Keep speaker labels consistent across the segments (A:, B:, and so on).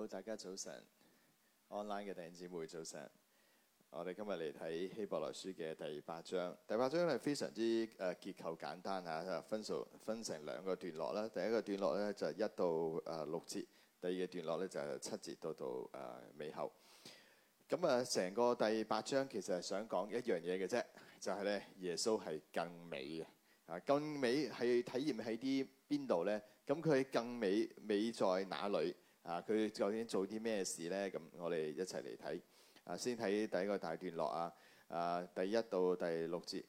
A: 好，大家早晨。online 嘅弟兄姊妹早晨。我哋今日嚟睇希伯來書嘅第八章。第八章係非常之誒、啊、結構簡單吓、啊，分數分成兩個段落啦、啊。第一個段落咧就係、是、一到誒六節，第二個段落咧就係、是、七節到到誒、啊、尾後。咁啊，成個第八章其實係想講一樣嘢嘅啫，就係、是、咧耶穌係更美嘅啊。更美係體驗喺啲邊度咧？咁佢更美美在哪裏？啊！佢究竟做啲咩事呢？咁我哋一齊嚟睇。啊，先睇第一個大段落啊。啊，第一到第六節。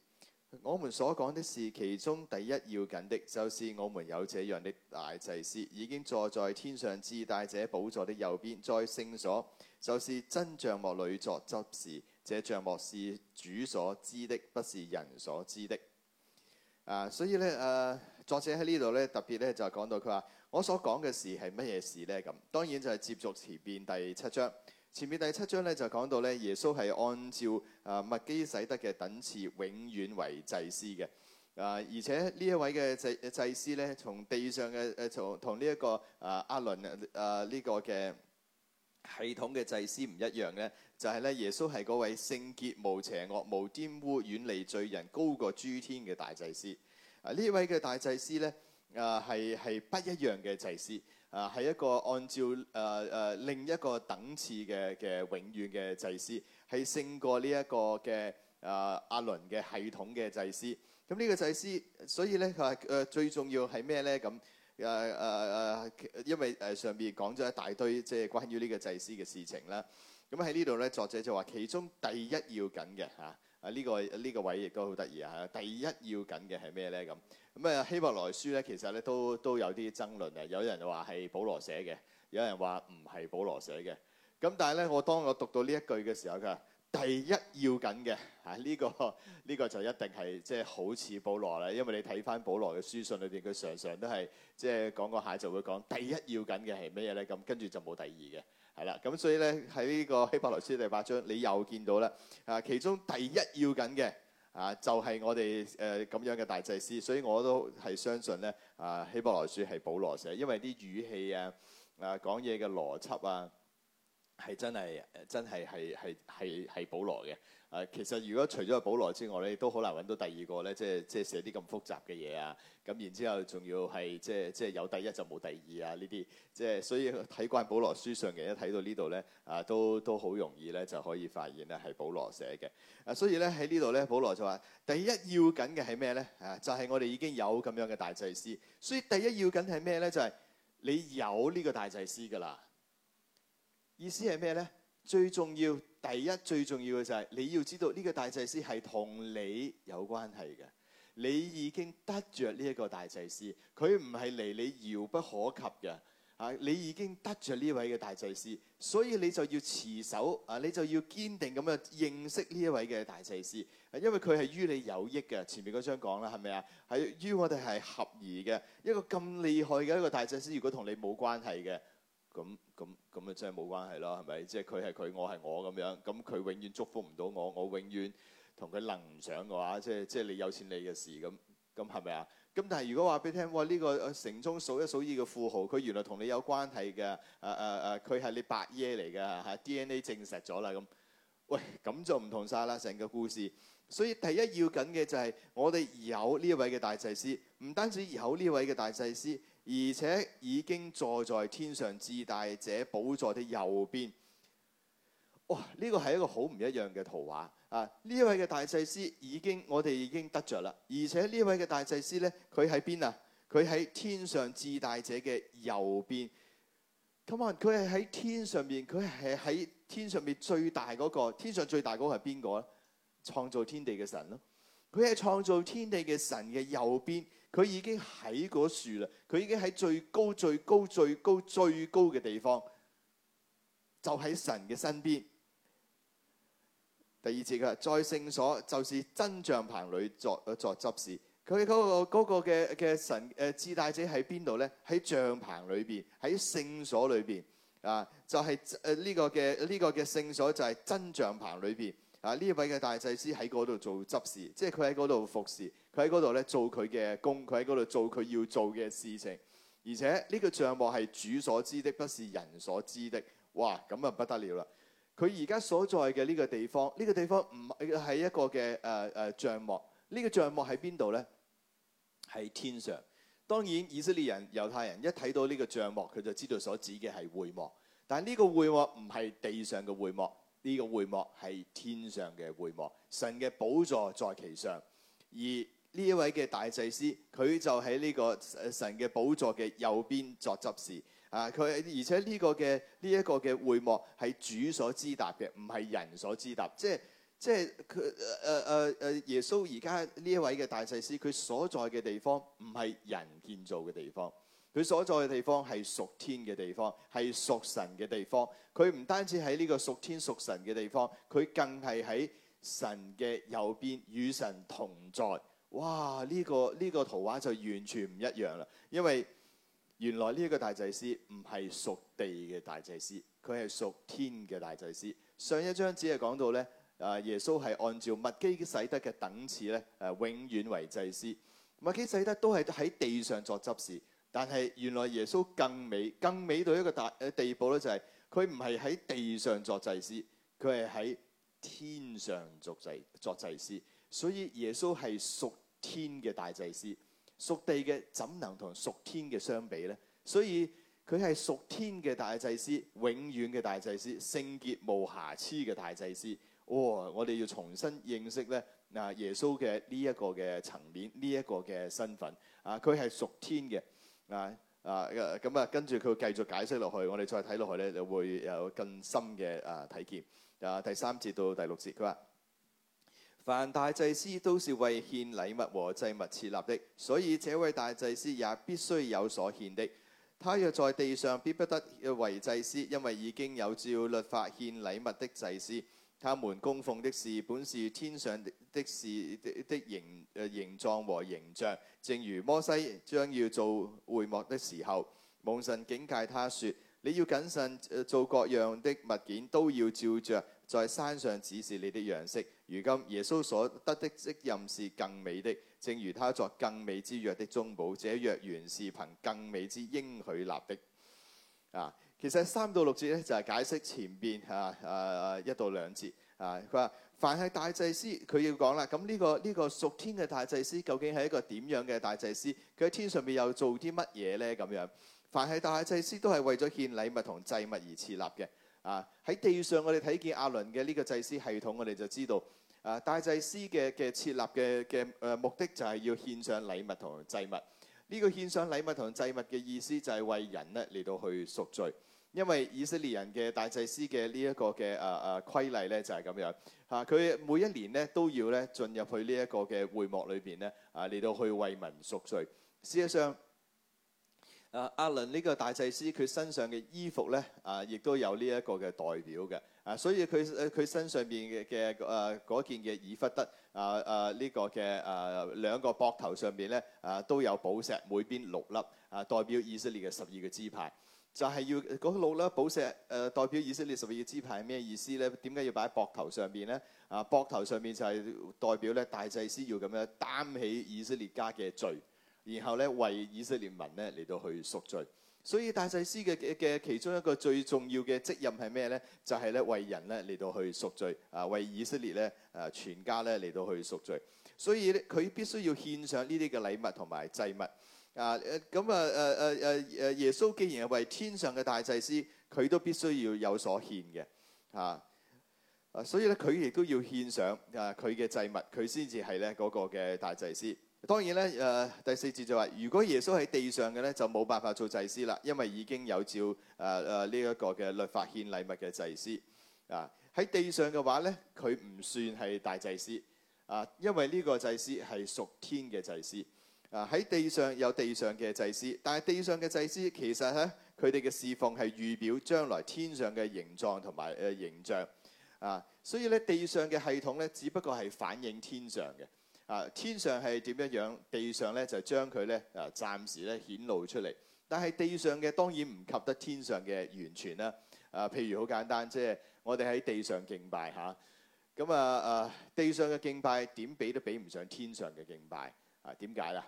A: 我們所講的事，其中第一要緊的，就是我們有這樣的大祭司，已經坐在天上至大者寶座的右邊，在聖所，就是真帳幕裏作執事。這帳幕是主所知的，不是人所知的。啊，所以咧，誒、啊，作者喺呢度咧特別咧就講到佢話。我所講嘅事係乜嘢事咧？咁當然就係接續前邊第七章。前面第七章咧就講到咧，耶穌係按照啊麥基洗德嘅等次，永遠為祭司嘅。啊，而且呢一位嘅祭祭司咧，從地上嘅誒從同呢一個啊亞倫啊呢、這個嘅系統嘅祭司唔一樣咧，就係、是、咧耶穌係嗰位聖潔、無邪惡、無玷污、遠離罪人、高過諸天嘅大祭司。啊，呢位嘅大祭司咧。誒係係不一樣嘅祭司，誒、啊、係一個按照誒誒、啊、另一個等次嘅嘅永遠嘅祭司，係勝過呢一個嘅誒、啊、阿倫嘅系統嘅祭司。咁呢個祭司，所以咧佢話誒最重要係咩咧？咁誒誒誒，因為誒上邊講咗一大堆，即係關於呢個祭司嘅事情啦。咁喺呢度咧，作者就話其中第一要緊嘅嚇，啊呢、呢個呢、呢個位亦都好得意啊！第一要緊嘅係咩咧？咁、啊。咁啊希伯來書咧，其實咧都都有啲爭論嘅。有人話係保羅寫嘅，有人話唔係保羅寫嘅。咁但係咧，我當我讀到呢一句嘅時候，佢第一要緊嘅啊呢個呢個就一定係即係好似保羅啦，因為你睇翻保羅嘅書信裏邊，佢常常都係即係講個下就會講第一要緊嘅係乜嘢咧？咁跟住就冇第二嘅，係啦。咁所以咧喺呢個希伯來書第八章，你又見到啦啊其中第一要緊嘅。啊！就係、是、我哋誒咁樣嘅大祭司，所以我都係相信咧，啊希伯來書係保羅寫，因為啲語氣啊、啊講嘢嘅邏輯啊，係真係真係係係係係保羅嘅。誒，其實如果除咗係保羅之外咧，你都好難揾到第二個咧，即係即係寫啲咁複雜嘅嘢啊。咁然之後仲要係即係即係有第一就冇第二啊！呢啲即係所以睇慣保羅書上嘅，一睇到呢度咧，啊都都好容易咧就可以發現咧係保羅寫嘅。啊，所以咧喺呢度咧，保羅就話：第一要緊嘅係咩咧？啊，就係、是、我哋已經有咁樣嘅大祭司。所以第一要緊係咩咧？就係、是、你有呢個大祭司㗎啦。意思係咩咧？最重要。第一最重要嘅就係、是、你要知道呢個大祭司係同你有關係嘅，你已經得着呢一個大祭司，佢唔係離你遙不可及嘅，啊，你已經得着呢位嘅大祭司，所以你就要持守，啊，你就要堅定咁樣認識呢一位嘅大祭司，因為佢係於你有益嘅。前面嗰章講啦，係咪啊？係於我哋係合宜嘅一個咁厲害嘅一個大祭司，如果同你冇關係嘅。咁咁咁啊，真係冇關係啦，係咪？即係佢係佢，我係我咁樣。咁佢永遠祝福唔到我，我永遠同佢諗唔上嘅話，即係即係你有錢你嘅事咁。咁係咪啊？咁但係如果話俾你聽，哇！呢個城中數一數二嘅富豪，佢原來同你有關係嘅。誒誒誒，佢係你伯爺嚟嘅，嚇，DNA 證實咗啦。咁喂，咁就唔同曬啦，成個故事。所以第一要緊嘅就係我哋有呢一位嘅大祭司，唔單止有呢一位嘅大祭司。而且已經坐在天上至大者寶座的右邊，哇！呢、這個係一個好唔一樣嘅圖畫啊！呢一位嘅大祭司已經我哋已經得着啦。而且呢位嘅大祭司咧，佢喺邊啊？佢喺天上至大者嘅右邊。咁啊，佢係喺天上面，佢係喺天上面最大嗰、那個。天上最大嗰個係邊個咧？創造天地嘅神咯。佢係創造天地嘅神嘅右邊。佢已經喺嗰樹啦，佢已經喺最高、最高、最高、最高嘅地方，就喺神嘅身邊。第二次，佢再、就是那個那個呃、在聖所，啊就是呃這個這個、所就是真帳棚裏作作執事。佢嗰個嗰個嘅嘅神誒至大者喺邊度咧？喺帳棚裏邊，喺聖所裏邊啊，就係誒呢個嘅呢個嘅聖所就係真帳棚裏邊啊。呢一位嘅大祭司喺嗰度做執事，即係佢喺嗰度服侍。佢喺嗰度咧做佢嘅工，佢喺嗰度做佢要做嘅事情，而且呢個帳幕係主所知的，不是人所知的。哇，咁啊不得了啦！佢而家所在嘅呢個地方，呢個地方唔係一個嘅誒誒帳幕，呢個帳幕喺邊度呢？喺天上。當然，以色列人、猶太人一睇到呢個帳幕，佢就知道所指嘅係會幕。但係呢個會幕唔係地上嘅會幕，呢個會幕係天上嘅會幕，神嘅寶座在其上，而呢一位嘅大祭司，佢就喺呢個神嘅寶座嘅右邊作執事啊！佢而且呢個嘅呢一個嘅會幕係主所支搭嘅，唔係人所支搭。即係即係佢誒誒誒耶穌而家呢一位嘅大祭司，佢所在嘅地方唔係人建造嘅地方，佢所在嘅地方係屬天嘅地方，係屬神嘅地方。佢唔單止喺呢個屬天屬神嘅地方，佢更係喺神嘅右邊與神同在。哇！呢、這個呢、這個圖畫就完全唔一樣啦，因為原來呢個大祭司唔係屬地嘅大祭司，佢係屬天嘅大祭司。上一章只係講到咧，啊耶穌係按照麥基洗德嘅等次咧，誒永遠為祭司。麥基洗德都係喺地上作執事，但係原來耶穌更美，更美到一個大誒地步咧，就係佢唔係喺地上作祭司，佢係喺天上作祭作祭司。所以耶穌係屬天嘅大祭司，屬地嘅怎能同屬天嘅相比咧？所以佢係屬天嘅大祭司，永遠嘅大祭司，聖潔無瑕疵嘅大祭司。哇、哦！我哋要重新認識咧，嗱耶穌嘅呢一個嘅層面，呢、這、一個嘅身份、ah, ah, 啊，佢係屬天嘅啊啊咁啊，跟住佢繼續解釋落去，我哋再睇落去咧，就會有更深嘅啊體驗啊。第三節到第六節，佢話。凡大祭司都是為獻禮物和祭物設立的，所以這位大祭司也必須有所獻的。他若在地上必不得為祭司，因為已經有照律法獻禮物的祭司，他們供奉的事本是天上的事的形形狀和形象。正如摩西將要做會幕的時候，蒙神警戒他說：你要謹慎，做各樣的物件都要照着。在山上指示你的樣式，如今耶穌所得的職任是更美的，正如他作更美之約的中保，這約原是憑更美之應許立的。啊，其實三到六節咧就係、是、解釋前邊啊啊一到兩節啊，佢、啊、話、啊、凡係大祭司，佢要講啦。咁呢、這個呢、這個屬天嘅大，大祭司，究竟係一個點樣嘅大祭司？佢喺天上邊又做啲乜嘢咧？咁樣凡係大祭司都係為咗獻禮物同祭物而設立嘅。啊！喺地上我哋睇見阿倫嘅呢個祭司系統，我哋就知道，啊，大祭司嘅嘅設立嘅嘅誒目的就係要獻上禮物同祭物。呢個獻上禮物同祭物嘅意思就係為人咧嚟到去贖罪，因為以色列人嘅大祭司嘅呢一個嘅誒誒規例咧就係咁樣。嚇、啊、佢每一年咧都要咧進入去呢一個嘅會幕裏邊咧啊嚟到去為民贖罪。事實上，啊，阿倫呢個大祭司佢身上嘅衣服咧，啊，亦都有呢一個嘅代表嘅。啊，所以佢佢身上邊嘅嘅啊嗰件嘅以弗得啊啊，這個、啊兩個呢個嘅啊兩個膊頭上邊咧啊都有寶石，每邊六粒啊，代表以色列嘅十二嘅支派。就係要嗰六粒寶石誒，代表以色列十二個支派。係咩意思咧？點解要擺喺膊頭上邊咧？啊，膊頭上邊就係代表咧、啊、大祭司要咁樣擔起以色列家嘅罪。然後咧，為以色列民咧嚟到去贖罪，所以大祭司嘅嘅其中一個最重要嘅職任係咩咧？就係咧為人咧嚟到去贖罪，啊為以色列咧啊全家咧嚟到去贖罪，所以咧佢必須要獻上呢啲嘅禮物同埋祭物。啊咁啊誒誒誒誒，耶穌既然係為天上嘅大祭司，佢都必須要有所獻嘅。嚇啊，所以咧佢亦都要獻上啊佢嘅祭物，佢先至係咧嗰個嘅大祭司。當然咧，誒、呃、第四節就話、是，如果耶穌喺地上嘅咧，就冇辦法做祭司啦，因為已經有照誒誒呢一個嘅律法獻禮物嘅祭司。啊，喺地上嘅話咧，佢唔算係大祭司。啊，因為呢個祭司係屬天嘅祭司。啊，喺地上有地上嘅祭司，但係地上嘅祭司其實咧、啊，佢哋嘅侍奉係預表將來天上嘅形狀同埋誒形象。啊，所以咧，地上嘅系統咧，只不過係反映天上嘅。啊！天上係點樣樣？地上咧就將佢咧啊，暫時咧顯露出嚟。但係地上嘅當然唔及得天上嘅完全啦。啊，譬如好簡單，即係我哋喺地上敬拜嚇咁啊！啊，地上嘅敬拜點比都比唔上天上嘅敬拜啊。點解啦？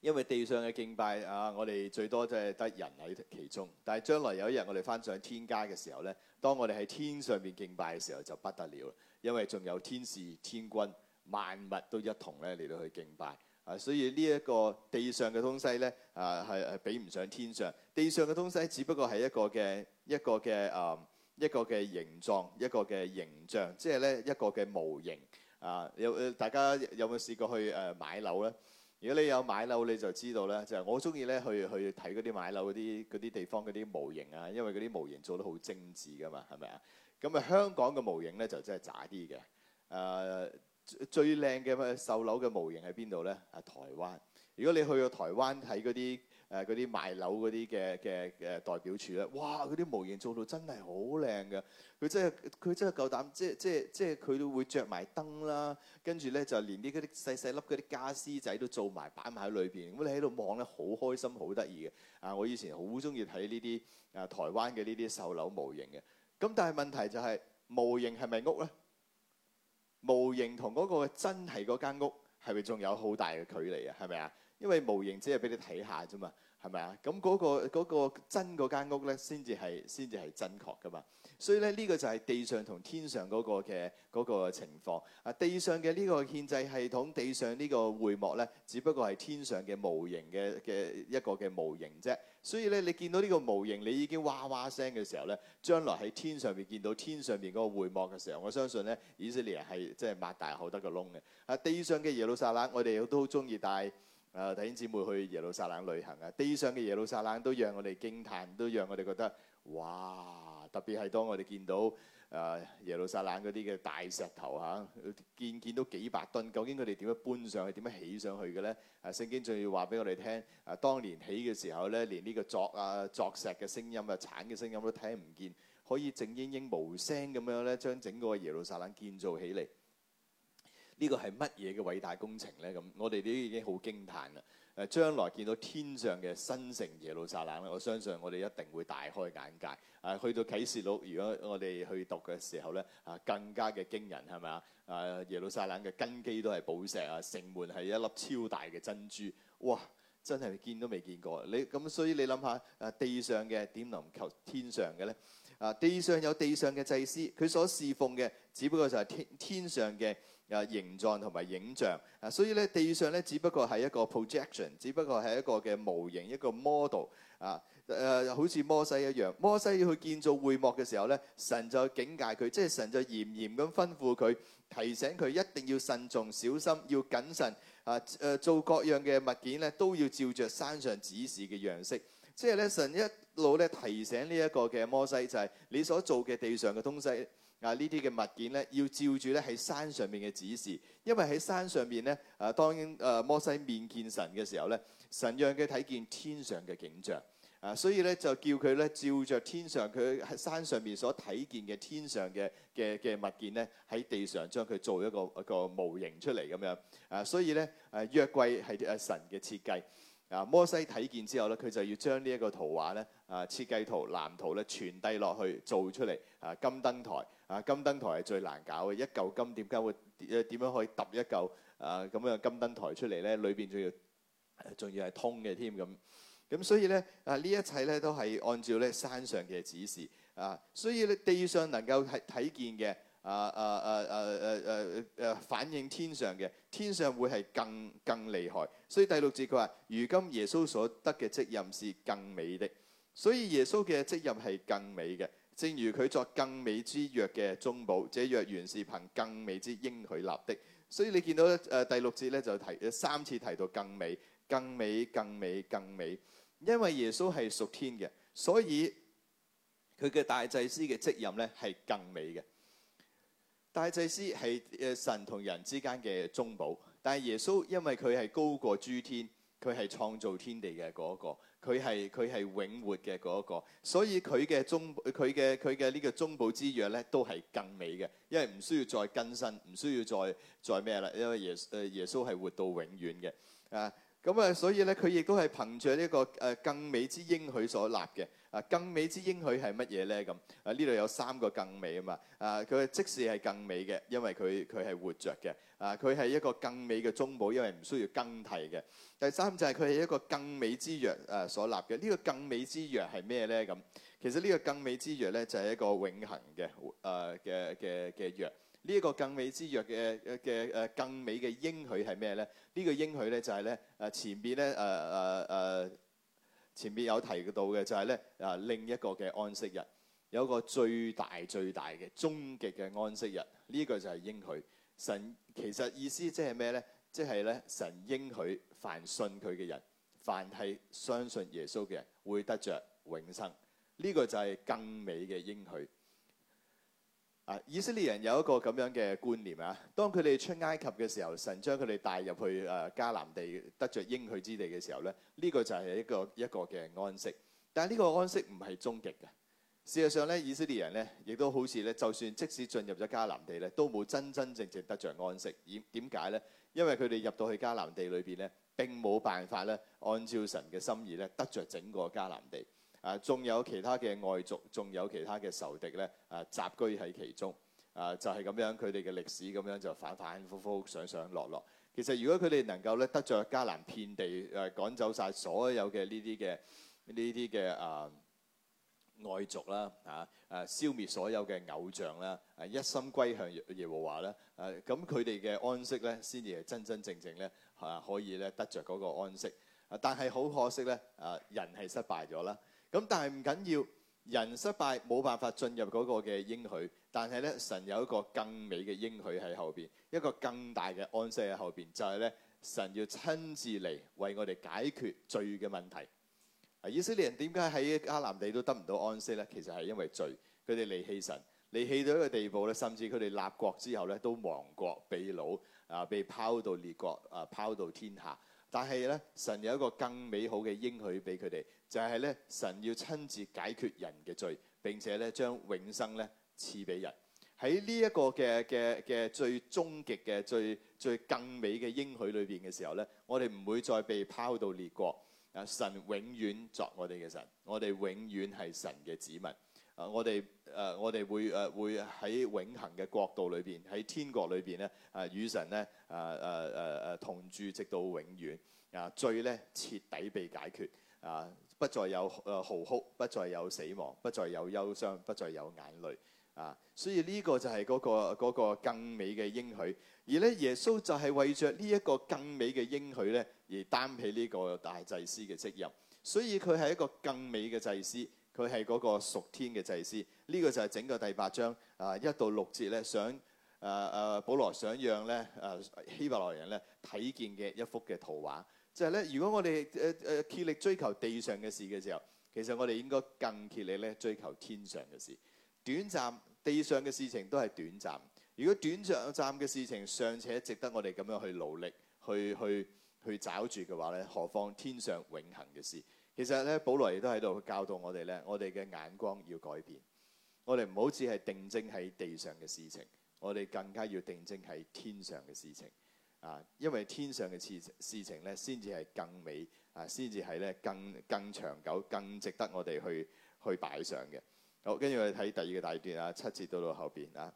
A: 因為地上嘅敬拜啊，我哋最多即係得人喺其中，但係將來有一日我哋翻上天家嘅時候咧，當我哋喺天上面敬拜嘅時候就不得了，因為仲有天使、天君。萬物都一同咧嚟到去敬拜啊，所以呢一個地上嘅東西咧啊，係係比唔上天上地上嘅東西，只不過係一個嘅一個嘅啊一個嘅形狀，一個嘅形象，即係咧一個嘅模型啊。有大家有冇試過去誒、啊、買樓咧？如果你有買樓，你就知道咧，就係、我中意咧去去睇嗰啲買樓嗰啲啲地方嗰啲模型啊，因為嗰啲模型做得好精緻噶嘛，係咪啊？咁啊，香港嘅模型咧就真係渣啲嘅，誒。最靚嘅售樓嘅模型喺邊度咧？啊，台灣！如果你去到台灣喺嗰啲誒啲賣樓嗰啲嘅嘅誒代表處咧，哇！啲模型做到真係好靚嘅，佢真係佢真係夠膽，即係即係即係佢都會着埋燈啦，跟住咧就連啲嗰啲細細粒嗰啲家私仔都做埋擺埋喺裏邊，咁你喺度望咧好開心好得意嘅。啊，我以前好中意睇呢啲啊台灣嘅呢啲售樓模型嘅。咁但係問題就係、是、模型係咪屋咧？模型同嗰個真係嗰間屋係咪仲有好大嘅距離啊？係咪啊？因為模型只係俾你睇下啫嘛，係咪啊？咁嗰個嗰個真嗰間屋咧，先至係先至係真確噶嘛。所以咧，呢個就係地上同天上嗰個嘅嗰個情況。啊，地上嘅呢個獻祭系統，地上呢個會幕咧，只不過係天上嘅模型嘅嘅一個嘅模型啫。所以咧，你見到呢個模型，你已經哇哇聲嘅時候咧，將來喺天上面見到天上面嗰個會幕嘅時候，我相信咧，以色列係即係擘大口得個窿嘅。啊，地上嘅耶路撒冷，我哋都好中意帶啊弟兄姊妹去耶路撒冷旅行啊。地上嘅耶路撒冷都讓我哋驚歎，都讓我哋覺得哇！特別係當我哋見到。啊，耶路撒冷嗰啲嘅大石頭嚇、啊，見見到幾百噸，究竟佢哋點樣搬上去，點樣起上去嘅咧？啊，聖經仲要話俾我哋聽，啊，當年起嘅時候咧，連呢個鑿啊，鑿石嘅聲音啊，鏟嘅聲音都聽唔見，可以靜靜無聲咁樣咧，將整個耶路撒冷建造起嚟。呢個係乜嘢嘅偉大工程咧？咁我哋都已經好驚歎啦。誒將來見到天上嘅新城耶路撒冷咧，我相信我哋一定會大開眼界。誒、啊、去到啟示錄，如果我哋去讀嘅時候咧，啊更加嘅驚人係咪啊？誒耶路撒冷嘅根基都係寶石啊，城門係一粒超大嘅珍珠。哇！真係見都未見過。你，咁所以你諗下誒地上嘅點能及天上嘅咧？啊地上有地上嘅祭司，佢所侍奉嘅只不過就係天天上嘅。啊，形狀同埋影像啊，所以咧地上咧，只不過係一個 projection，只不過係一個嘅模型，一個 model 啊，誒好似摩西一樣，摩西要去建造會幕嘅時候咧，神就警戒佢，即係神就嚴嚴咁吩咐佢，提醒佢一定要慎重小心，要謹慎啊，誒做各樣嘅物件咧都要照著山上指示嘅樣式，即係咧神一路咧提醒呢一個嘅摩西就係你所做嘅地上嘅東西。啊！呢啲嘅物件咧，要照住咧喺山上面嘅指示，因為喺山上面咧，啊當然，摩西面見神嘅時候咧，神讓佢睇見天上嘅景象，啊所以咧就叫佢咧照着天上佢喺山上面所睇見嘅天上嘅嘅嘅物件咧，喺地上將佢做一個一個模型出嚟咁樣，啊所以咧，啊約櫃係啊神嘅設計。啊摩西睇見之後咧，佢就要將呢一個圖畫咧，啊設計圖藍圖咧，傳遞落去做出嚟。啊金燈台，啊金燈台係最難搞嘅，一嚿金點解會誒點樣可以揼一嚿啊咁樣嘅金燈台出嚟咧？裏邊仲要仲、啊、要係通嘅添咁。咁、啊、所以咧啊呢一切咧都係按照咧山上嘅指示啊，所以咧地上能夠睇睇見嘅啊啊啊啊啊啊啊反映天上嘅，天上會係更更厲害。所以第六節佢話：如今耶穌所得嘅職任是更美的，所以耶穌嘅職任係更美嘅，正如佢作更美之約嘅中保，這約原是憑更美之應許立的。所以你見到誒第六節咧就提三次提到更美、更美、更美、更美，更美，因為耶穌係屬天嘅，所以佢嘅大祭司嘅職任咧係更美嘅。大祭司係誒神同人之間嘅中保。但係耶穌因為佢係高過諸天，佢係創造天地嘅嗰一個，佢係佢係永活嘅嗰一個，所以佢嘅中佢嘅佢嘅呢個中保之約呢都係更美嘅，因為唔需要再更新，唔需要再再咩啦，因為耶誒耶穌係活到永遠嘅啊。咁啊，所以咧，佢亦都係憑着呢個誒更美之應許所立嘅。啊，更美之應許係乜嘢咧？咁啊，呢度有三個更美啊嘛。啊，佢即使係更美嘅，因為佢佢係活着嘅。啊，佢係一個更美嘅中保，因為唔需要更替嘅。第三就係佢係一個更美之約誒、啊、所立嘅。呢、呢個更美之約係咩咧？咁、啊、其實呢個更美之約咧就係、是、一個永恆嘅誒嘅嘅嘅約。呃呢一個更美之約嘅嘅嘅誒更美嘅應許係咩咧？呢個應許咧就係咧誒前邊咧誒誒誒前邊有提到嘅就係咧啊另一個嘅安息日，有一個最大最大嘅終極嘅安息日。呢個就係應許，神其實意思即係咩咧？即係咧神應許凡信佢嘅人，凡係相信耶穌嘅人會得着永生，呢個就係更美嘅應許。以色列人有一個咁樣嘅觀念啊，當佢哋出埃及嘅時候，神將佢哋帶入去誒迦南地，得着應許之地嘅時候咧，呢個就係一個一個嘅安息。但係呢個安息唔係終極嘅。事實上咧，以色列人咧亦都好似咧，就算即使進入咗迦南地咧，都冇真真正正得着安息。點解咧？因為佢哋入到去迦南地裏邊咧，並冇辦法咧按照神嘅心意咧得着整個迦南地。啊！仲有其他嘅外族，仲有其他嘅仇敵咧。啊，雜居喺其中啊，就係咁樣，佢哋嘅歷史咁樣就反反覆覆，上上落落。其實如果佢哋能夠咧得着迦南遍地，誒趕走晒所有嘅呢啲嘅呢啲嘅啊外族啦，啊誒，消滅所有嘅偶像啦，一心歸向耶和華啦。誒，咁佢哋嘅安息咧先至係真真正正咧嚇可以咧得着嗰個安息。但係好可惜咧啊，人係失敗咗啦。咁但係唔緊要，人失敗冇辦法進入嗰個嘅應許，但係咧神有一個更美嘅應許喺後邊，一個更大嘅安息喺後邊，就係咧神要親自嚟為我哋解決罪嘅問題。啊，以色列人點解喺迦南地都得唔到安息咧？其實係因為罪，佢哋離棄神，離棄到一個地步咧，甚至佢哋立國之後咧都亡國被擄啊，被拋到列國啊，拋到天下。但係咧，神有一個更美好嘅應許俾佢哋，就係、是、咧，神要親自解決人嘅罪，並且咧將永生咧賜俾人。喺呢一個嘅嘅嘅最終極嘅最最更美嘅應許裏邊嘅時候咧，我哋唔會再被拋到列國啊！神永遠作我哋嘅神，我哋永遠係神嘅子民。啊！我哋誒我哋會誒、啊、會喺永恆嘅國度裏邊，喺天國裏邊咧，誒、啊、與神咧誒誒誒誒同住直到永遠。啊，罪咧徹底被解決。啊，不再有誒嚎哭，不再有死亡，不再有憂傷，不再有眼淚。啊，所以呢個就係嗰、嗰個那個更美嘅應許。而咧耶穌就係為着呢個一個更美嘅應許咧，而擔起呢個大祭司嘅職任。所以佢係一個更美嘅祭司。佢係嗰個屬天嘅祭司，呢、這個就係整個第八章啊一到六節咧，想誒誒、啊啊，保羅想讓咧誒、啊、希伯來人咧睇見嘅一幅嘅圖畫，就係、是、咧，如果我哋誒誒竭力追求地上嘅事嘅時候，其實我哋應該更竭力咧追求天上嘅事。短暫地上嘅事情都係短暫，如果短暫暫嘅事情尚且值得我哋咁樣去努力去去去找住嘅話咧，何況天上永恆嘅事？其實咧，保羅亦都喺度教導我哋咧，我哋嘅眼光要改變，我哋唔好只係定睛喺地上嘅事情，我哋更加要定睛喺天上嘅事情啊！因為天上嘅事事情咧，先至係更美啊，先至係咧更更長久、更值得我哋去去擺上嘅。好，跟住我哋睇第二個大段啊，七節到到後邊啊。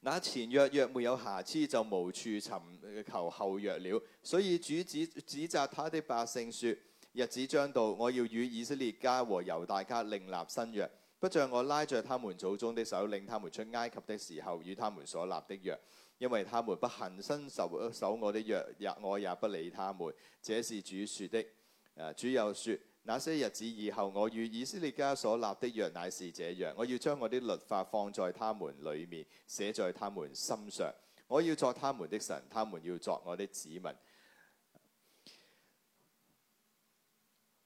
A: 那前約若，若，若沒有瑕疵，就無處尋求後約了。所以主指指責他的百姓說。日子將到，我要與以色列家和猶大家另立新約，不像我拉着他們祖宗的手，領他們出埃及的時候與他們所立的約，因為他們不恆心守守我的約，我也不理他們。這是主說的。啊，主又説：那些日子以後，我與以色列家所立的約乃是這樣，我要將我的律法放在他們裡面，寫在他們心上，我要作他們的神，他們要作我的子民。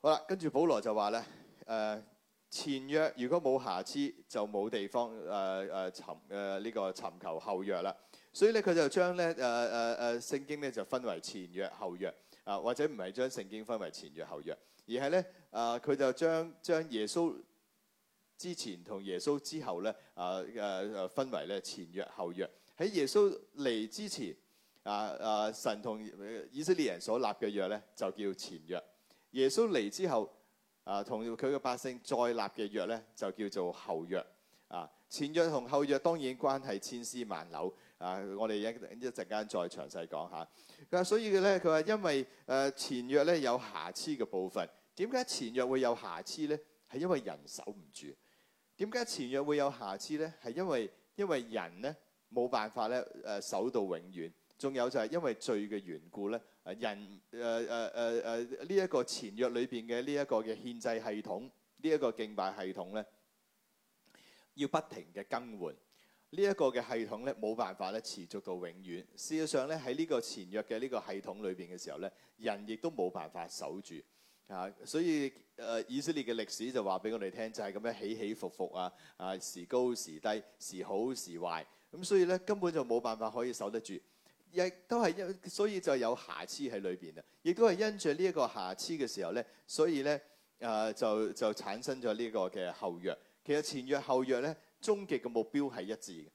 A: 好啦，跟住保羅就話咧，誒、呃、前約如果冇瑕疵，就冇地方誒誒尋誒呢個尋求後約啦。所以咧，佢就將咧誒誒誒聖經咧就分為前約後約啊，或者唔係將聖經分為前約後約，而係咧啊佢就將將耶穌之前同耶穌之後咧啊誒誒分為咧前約後約。喺耶穌嚟之前啊啊、呃、神同以色列人所立嘅約咧就叫前約。耶穌嚟之後，啊，同佢嘅百姓再立嘅約咧，就叫做後約。啊，前約同後約當然關係千絲萬縷。啊，我哋一陣間再詳細講下。佢、啊、話所以嘅咧，佢話因為誒、啊、前約咧有瑕疵嘅部分，點解前約會有瑕疵咧？係因為人守唔住。點解前約會有瑕疵咧？係因為因為人咧冇辦法咧誒、啊、守到永遠。仲有就係因為罪嘅緣故咧，誒人誒誒誒誒呢一個前約裏邊嘅呢一個嘅獻祭系統，呢一個敬拜系統咧，要不停嘅更換呢一個嘅系統咧，冇辦法咧持續到永遠。事實上咧，喺呢個前約嘅呢個系統裏邊嘅時候咧，人亦都冇辦法守住啊，所以誒以色列嘅歷史就話俾我哋聽，就係咁樣起起伏伏啊，啊，時高時低，時好時壞，咁所以咧根本就冇辦法可以守得住。亦都係因，所以就有瑕疵喺裏邊啊！亦都係因住呢一個瑕疵嘅時候咧，所以咧誒、呃、就就產生咗呢個嘅後約。其實前約後約咧，終極嘅目標係一致嘅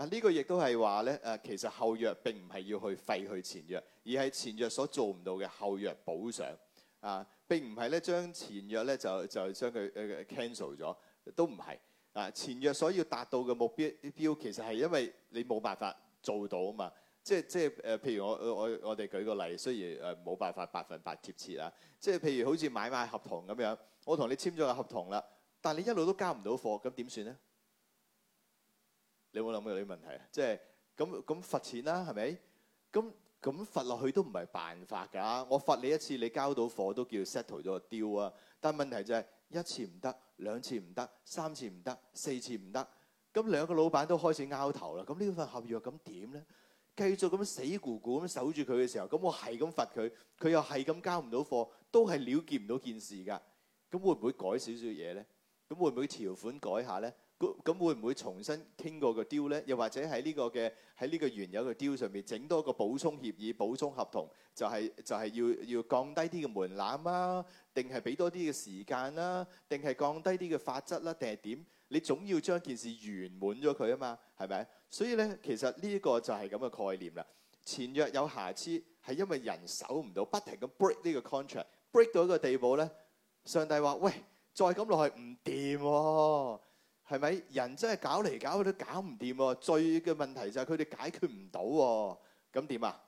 A: 啊！呢、這個亦都係話咧誒，其實後約並唔係要去廢去前約，而係前約所做唔到嘅後約補上啊。並唔係咧將前約咧就就將佢誒 cancel 咗都唔係啊。前約所要達到嘅目標標，其實係因為你冇辦法做到啊嘛。即係即係誒、呃，譬如我我我哋舉個例，雖然誒冇、呃、辦法百分百貼切啊，即係譬如好似買賣合同咁樣，我同你簽咗個合同啦，但係你一路都交唔到貨，咁點算咧？你有冇諗過啲問題啊？即係咁咁罰錢啦，係咪？咁咁罰落去都唔係辦法㗎。我罰你一次，你交到貨都叫 settle 咗個 deal 啊。但係問題就係、是、一次唔得，兩次唔得，三次唔得，四次唔得。咁兩個老闆都開始拗頭啦。咁呢份合約咁點咧？繼續咁樣死咕咕咁守住佢嘅時候，咁我係咁罰佢，佢又係咁交唔到貨，都係了結唔到件事㗎。咁會唔會改少少嘢咧？咁會唔會條款改下咧？咁咁會唔會重新傾過個 deal 咧？又或者喺呢個嘅喺呢個原有嘅 deal 上面整多個補充協議、補充合同，就係、是、就係、是、要要降低啲嘅門檻啊，定係俾多啲嘅時間啦、啊，定係降低啲嘅法則啦、啊，定係點？你總要將件事圓滿咗佢啊嘛，係咪？所以咧，其實呢個就係咁嘅概念啦。前約有瑕疵，係因為人守唔到，不停咁 break 呢個 contract，break 到一個地步咧，上帝話：喂，再咁落去唔掂喎，係咪？人真係搞嚟搞去都搞唔掂喎，罪嘅問題就係佢哋解決唔到喎，咁點啊？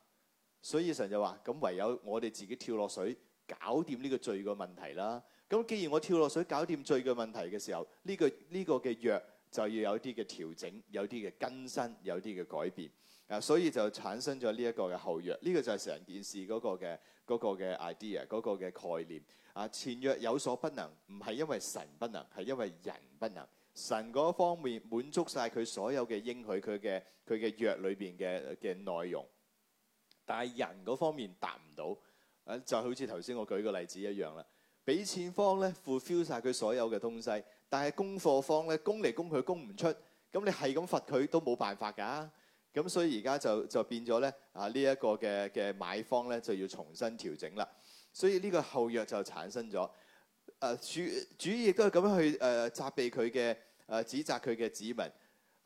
A: 所以神就話：咁唯有我哋自己跳落水，搞掂呢個罪嘅問題啦。咁既然我跳落水搞掂罪嘅問題嘅時候，呢個呢個嘅約就要有啲嘅調整，有啲嘅更新，有啲嘅改變。啊，所以就產生咗呢一個嘅後約。呢個就係成件事嗰個嘅嗰個嘅 idea，嗰個嘅概念。啊，前約有所不能，唔係因為神不能，係因為人不能。神嗰方面滿足晒佢所有嘅應許，佢嘅佢嘅約裏邊嘅嘅內容，但係人嗰方面達唔到。啊，就好似頭先我舉個例子一樣啦。俾錢方咧，fulfil 曬佢所有嘅東西，但係供貨方咧，供嚟供佢供唔出，咁你係咁罰佢都冇辦法㗎。啊，咁所以而家就就變咗咧，啊呢一、這個嘅嘅買方咧就要重新調整啦，所以呢個後約就產生咗，誒、啊、主主亦都係咁樣去誒、呃、責備佢嘅誒指責佢嘅子民，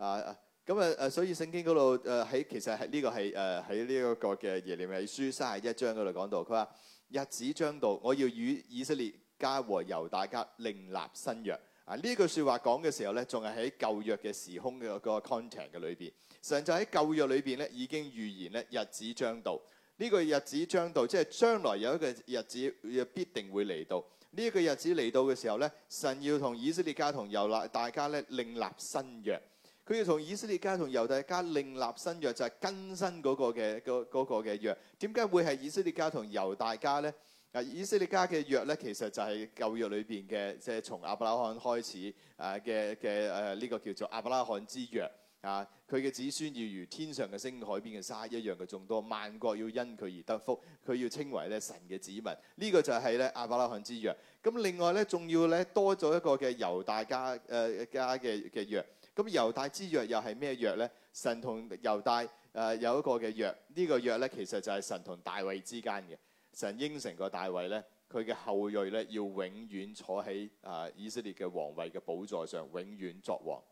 A: 啊咁啊誒、啊啊，所以聖經嗰度誒喺其實係呢個係誒喺呢一個嘅耶利米書三十一章嗰度講到，佢話。日子將到，我要與以色列家和猶大家另立新約。啊，呢句說話講嘅時候咧，仲係喺舊約嘅時空嘅嗰、那個 content 嘅裏邊。神就喺舊約裏邊咧，已經預言咧日子將到。呢、這個日子將到，即係將來有一個日子必定會嚟到。呢、這、一個日子嚟到嘅時候咧，神要同以色列家同猶大大家咧另立新約。佢要同以色列家同猶大家另立新約，就係、是、更新嗰個嘅嗰嘅約。點解、那個、會係以色列家同猶大家咧？啊，以色列家嘅約咧，其實就係舊約裏邊嘅，即係從亞伯拉罕開始啊嘅嘅誒呢個叫做亞伯拉罕之約啊。佢嘅子孫要如天上嘅星、海邊嘅沙一樣嘅眾多，萬國要因佢而得福，佢要稱為咧神嘅子民。呢、這個就係咧亞伯拉罕之約。咁、啊、另外咧仲要咧多咗一個嘅猶大家誒、呃、家嘅嘅約。咁猶大之約又係咩約咧？神同猶大誒、呃、有一個嘅約，這個、呢個約咧其實就係神同大衛之間嘅。神應承個大衛咧，佢嘅後裔咧要永遠坐喺啊、呃、以色列嘅王位嘅寶座上，永遠作王。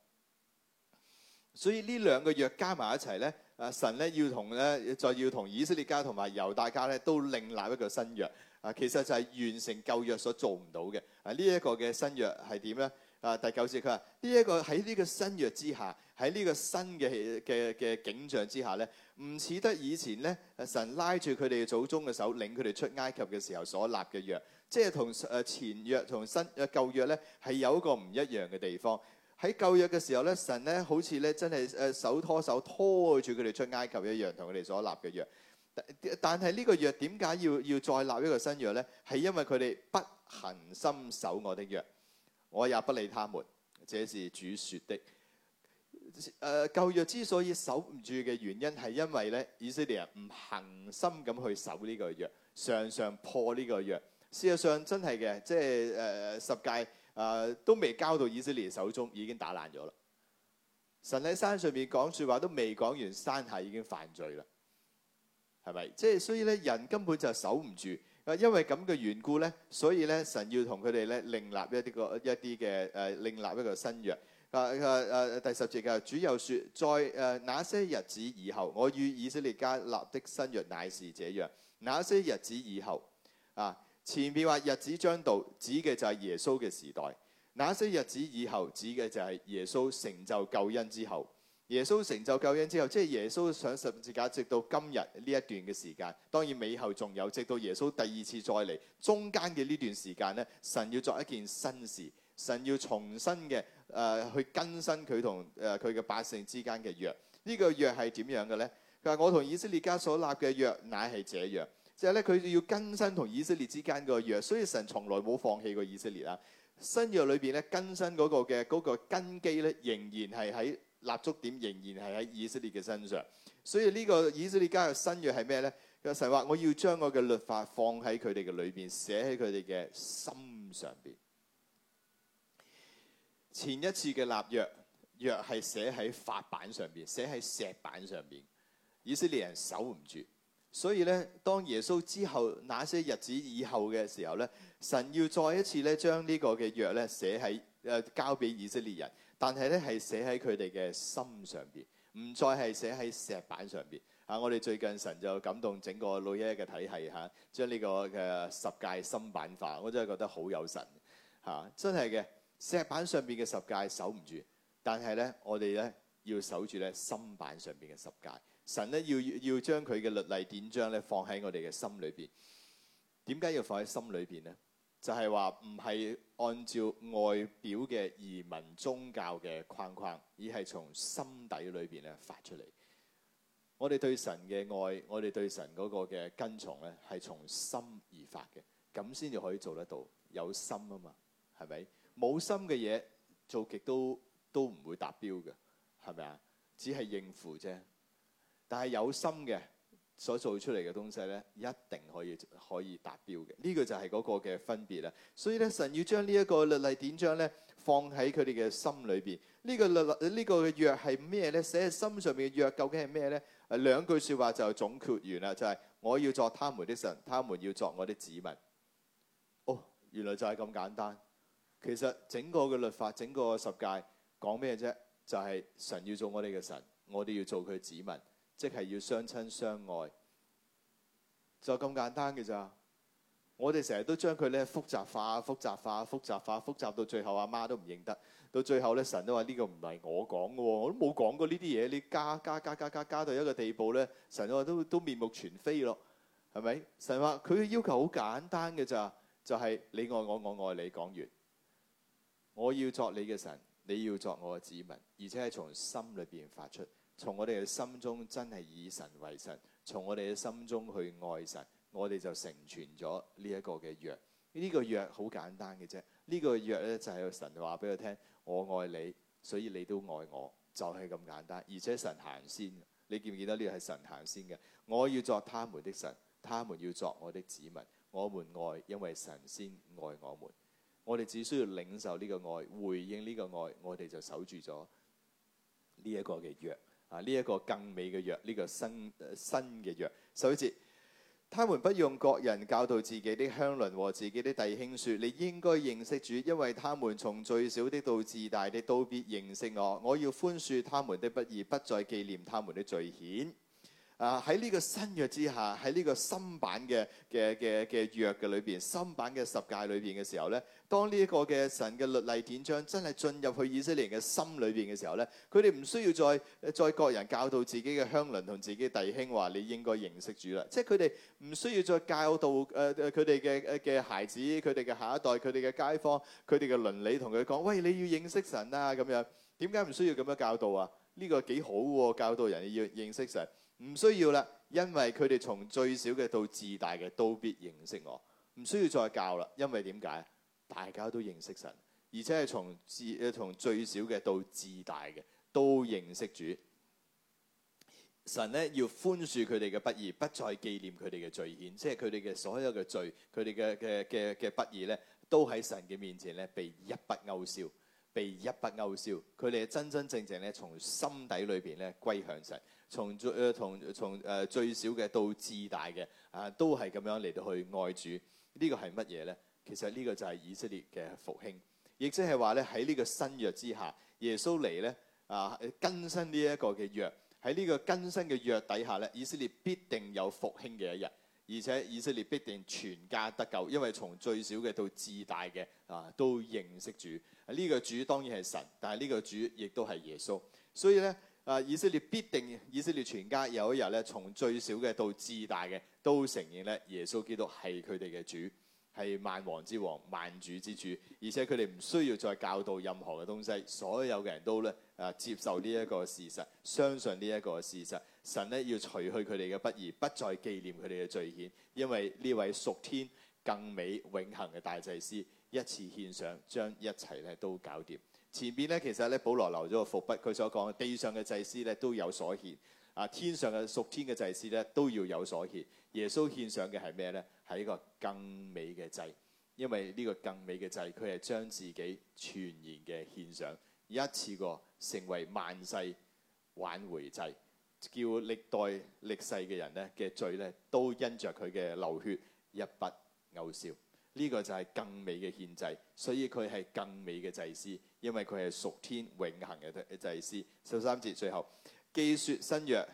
A: 所以兩、呃、呢兩個約加埋一齊咧，啊神咧要同咧再要同以色列家同埋猶大家咧都另立一個新約啊、呃，其實就係完成舊約所做唔到嘅啊、呃這個、呢一個嘅新約係點咧？啊！第九節，佢話：呢、這、一個喺呢個新約之下，喺呢個新嘅嘅嘅景象之下咧，唔似得以前咧，神拉住佢哋嘅祖宗嘅手，領佢哋出埃及嘅時候所立嘅約，即係同誒前約同新誒舊約咧，係有一個唔一樣嘅地方。喺舊約嘅時候咧，神咧好似咧真係誒手拖手拖住佢哋出埃及一樣，同佢哋所立嘅約。但但係呢個約點解要要再立一個新約咧？係因為佢哋不恆心守我的約。我也不理他們，這是主說的。誒、呃，舊約之所以守唔住嘅原因係因為咧，以色列人唔恒心咁去守呢個約，常常破呢個約。事實上真係嘅，即係誒、呃、十誡誒、呃、都未交到以色列手中，已經打爛咗啦。神喺山上面講說話都未講完，山下已經犯罪啦。係咪？即係所以咧，人根本就守唔住。啊，因為咁嘅緣故咧，所以咧，神要同佢哋咧另立一啲個一啲嘅誒，另立一個新約。啊啊啊！第十節嘅主又説：在誒那些日子以後，我與以色列家立的新約乃是這樣。那些日子以後，啊前面話日子將到，指嘅就係耶穌嘅時代；那些日子以後，指嘅就係耶穌成就救恩之後。耶穌成就救恩之後，即係耶穌上十字架，直到今日呢一段嘅時間。當然尾後仲有，直到耶穌第二次再嚟，中間嘅呢段時間咧，神要做一件新事，神要重新嘅誒、呃、去更新佢同誒佢嘅百姓之間嘅約。這個、呢個約係點樣嘅咧？佢話：我同以色列家所立嘅約乃係這樣，即係咧佢要更新同以色列之間個約。所以神從來冇放棄過以色列啊。新約裏邊咧更新嗰、那個嘅嗰、那個根基咧，仍然係喺。立足點仍然係喺以色列嘅身上，所以呢個以色列家嘅新約係咩咧？神話我要將我嘅律法放喺佢哋嘅裏邊，寫喺佢哋嘅心上邊。前一次嘅立約，約係寫喺法版上邊，寫喺石版上邊，以色列人守唔住。所以咧，當耶穌之後那些日子以後嘅時候咧，神要再一次咧將呢個嘅約咧寫喺誒交俾以色列人。但係咧，係寫喺佢哋嘅心上邊，唔再係寫喺石板上邊。啊，我哋最近神就感動整個老一嘅體系嚇，將、啊、呢、這個嘅、啊、十誡心版化，我真係覺得好有神嚇、啊，真係嘅石板上邊嘅十誡守唔住，但係咧我哋咧要守住咧心版上邊嘅十誡。神咧要要將佢嘅律例典章咧放喺我哋嘅心裡邊。點解要放喺心裡邊咧？就係話唔係按照外表嘅移民宗教嘅框框，而係從心底裏邊咧發出嚟。我哋對神嘅愛，我哋對神嗰個嘅跟從咧，係從心而發嘅，噉先至可以做得到。有心吖嘛，係咪？冇心嘅嘢做極都都唔會達標嘅，係咪啊？只係應付啫。但係有心嘅。所做出嚟嘅東西咧，一定可以可以達標嘅。呢、這個就係嗰個嘅分別啦。所以咧，神要將呢一個律例典章咧，放喺佢哋嘅心裏邊。呢、這個律例、這個、呢個嘅約係咩咧？寫喺心上面嘅約究竟係咩咧？兩句説話就總括完啦，就係、是、我要作他們的神，他們要作我的子民。哦，原來就係咁簡單。其實整個嘅律法，整個十戒講咩啫？就係、是、神要做我哋嘅神，我哋要做佢嘅子民。即係要相親相愛，就咁簡單嘅咋？我哋成日都將佢咧複雜化、複雜化、複雜化、複雜到最後，阿媽都唔認得。到最後咧，神都話呢個唔係我講嘅喎，我都冇講過呢啲嘢。你加加加加加加到一個地步咧，神都話都都面目全非咯，係咪？神話佢嘅要求好簡單嘅咋，就係你愛我，我愛你。講完，我要作你嘅神，你要作我嘅子民，而且係從心裏邊發出。從我哋嘅心中真係以神為神，從我哋嘅心中去愛神，我哋就成全咗呢一個嘅約。呢個約好簡單嘅啫，呢個約呢，就係神話俾佢聽：我愛你，所以你都愛我，就係咁簡單。而且神行先，你記唔記得？呢個係神行先嘅，我要作他們的神，他們要作我的子民。我們愛，因為神先愛我們。我哋只需要領受呢個愛，回應呢個愛，我哋就守住咗呢一個嘅約。啊！呢、這、一個更美嘅約，呢、這個新、呃、新嘅約。首節，他們不用各人教導自己的鄉鄰和自己的弟兄説：你應該認識主，因為他們從最小的到自大的都必認識我。我要寬恕他們的不義，不再記念他們的罪愆。啊！喺呢個新約之下，喺呢個新版嘅嘅嘅嘅約嘅裏邊，新版嘅十戒裏邊嘅時候咧，當呢一個嘅神嘅律例典章真係進入去以色列人嘅心裏邊嘅時候咧，佢哋唔需要再再各人教導自己嘅鄉鄰同自己弟兄話：你應該認識主啦。即係佢哋唔需要再教導誒誒佢哋嘅嘅孩子、佢哋嘅下一代、佢哋嘅街坊、佢哋嘅鄰里同佢講：喂，你要認識神啊！咁樣點解唔需要咁樣教導啊？呢個幾好喎！教導人要認識神。唔需要啦，因為佢哋從最小嘅到至大嘅都必認識我，唔需要再教啦。因為點解？大家都認識神，而且係從自誒從最小嘅到至大嘅都認識主。神咧要寬恕佢哋嘅不義，不再紀念佢哋嘅罪愆，即係佢哋嘅所有嘅罪，佢哋嘅嘅嘅嘅不義咧，都喺神嘅面前咧被一筆勾銷，被一筆勾銷。佢哋真真正正咧從心底裏邊咧歸向神。從最從從誒最少嘅到至大嘅啊，都係咁樣嚟到去愛主。這個、呢個係乜嘢咧？其實呢個就係以色列嘅復興，亦即係話咧喺呢個新約之下，耶穌嚟咧啊更新呢一個嘅約。喺呢個更新嘅約底下咧，以色列必定有復興嘅一日，而且以色列必定全家得救，因為從最少嘅到至大嘅啊都認識主。呢、啊這個主當然係神，但係呢個主亦都係耶穌。所以咧。啊，以色列必定以色列全家有一日咧，從最小嘅到至大嘅，都承認咧，耶穌基督係佢哋嘅主，係萬王之王、萬主之主。而且佢哋唔需要再教導任何嘅東西，所有嘅人都咧啊接受呢一個事實，相信呢一個事實，神咧要除去佢哋嘅不義，不再紀念佢哋嘅罪愆，因為呢位屬天更美永恒嘅大祭司，一次獻上，將一切咧都搞掂。前邊咧，其實咧，保羅留咗個伏筆。佢所講嘅地上嘅祭司咧都有所獻啊，天上嘅屬天嘅祭司咧都要有所獻。耶穌獻上嘅係咩咧？係一個更美嘅祭，因為呢個更美嘅祭，佢係將自己全然嘅獻上一次過，成為萬世挽回祭，叫歷代歷世嘅人咧嘅罪咧都因着佢嘅流血一筆勾銷。呢個就係更美嘅獻祭，所以佢係更美嘅祭司。因為佢係屬天永恆嘅嘅祭司，十三節最後既說，新約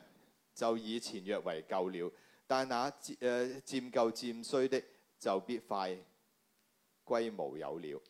A: 就以前約為舊了，但那誒漸舊漸衰的就必快歸無有了。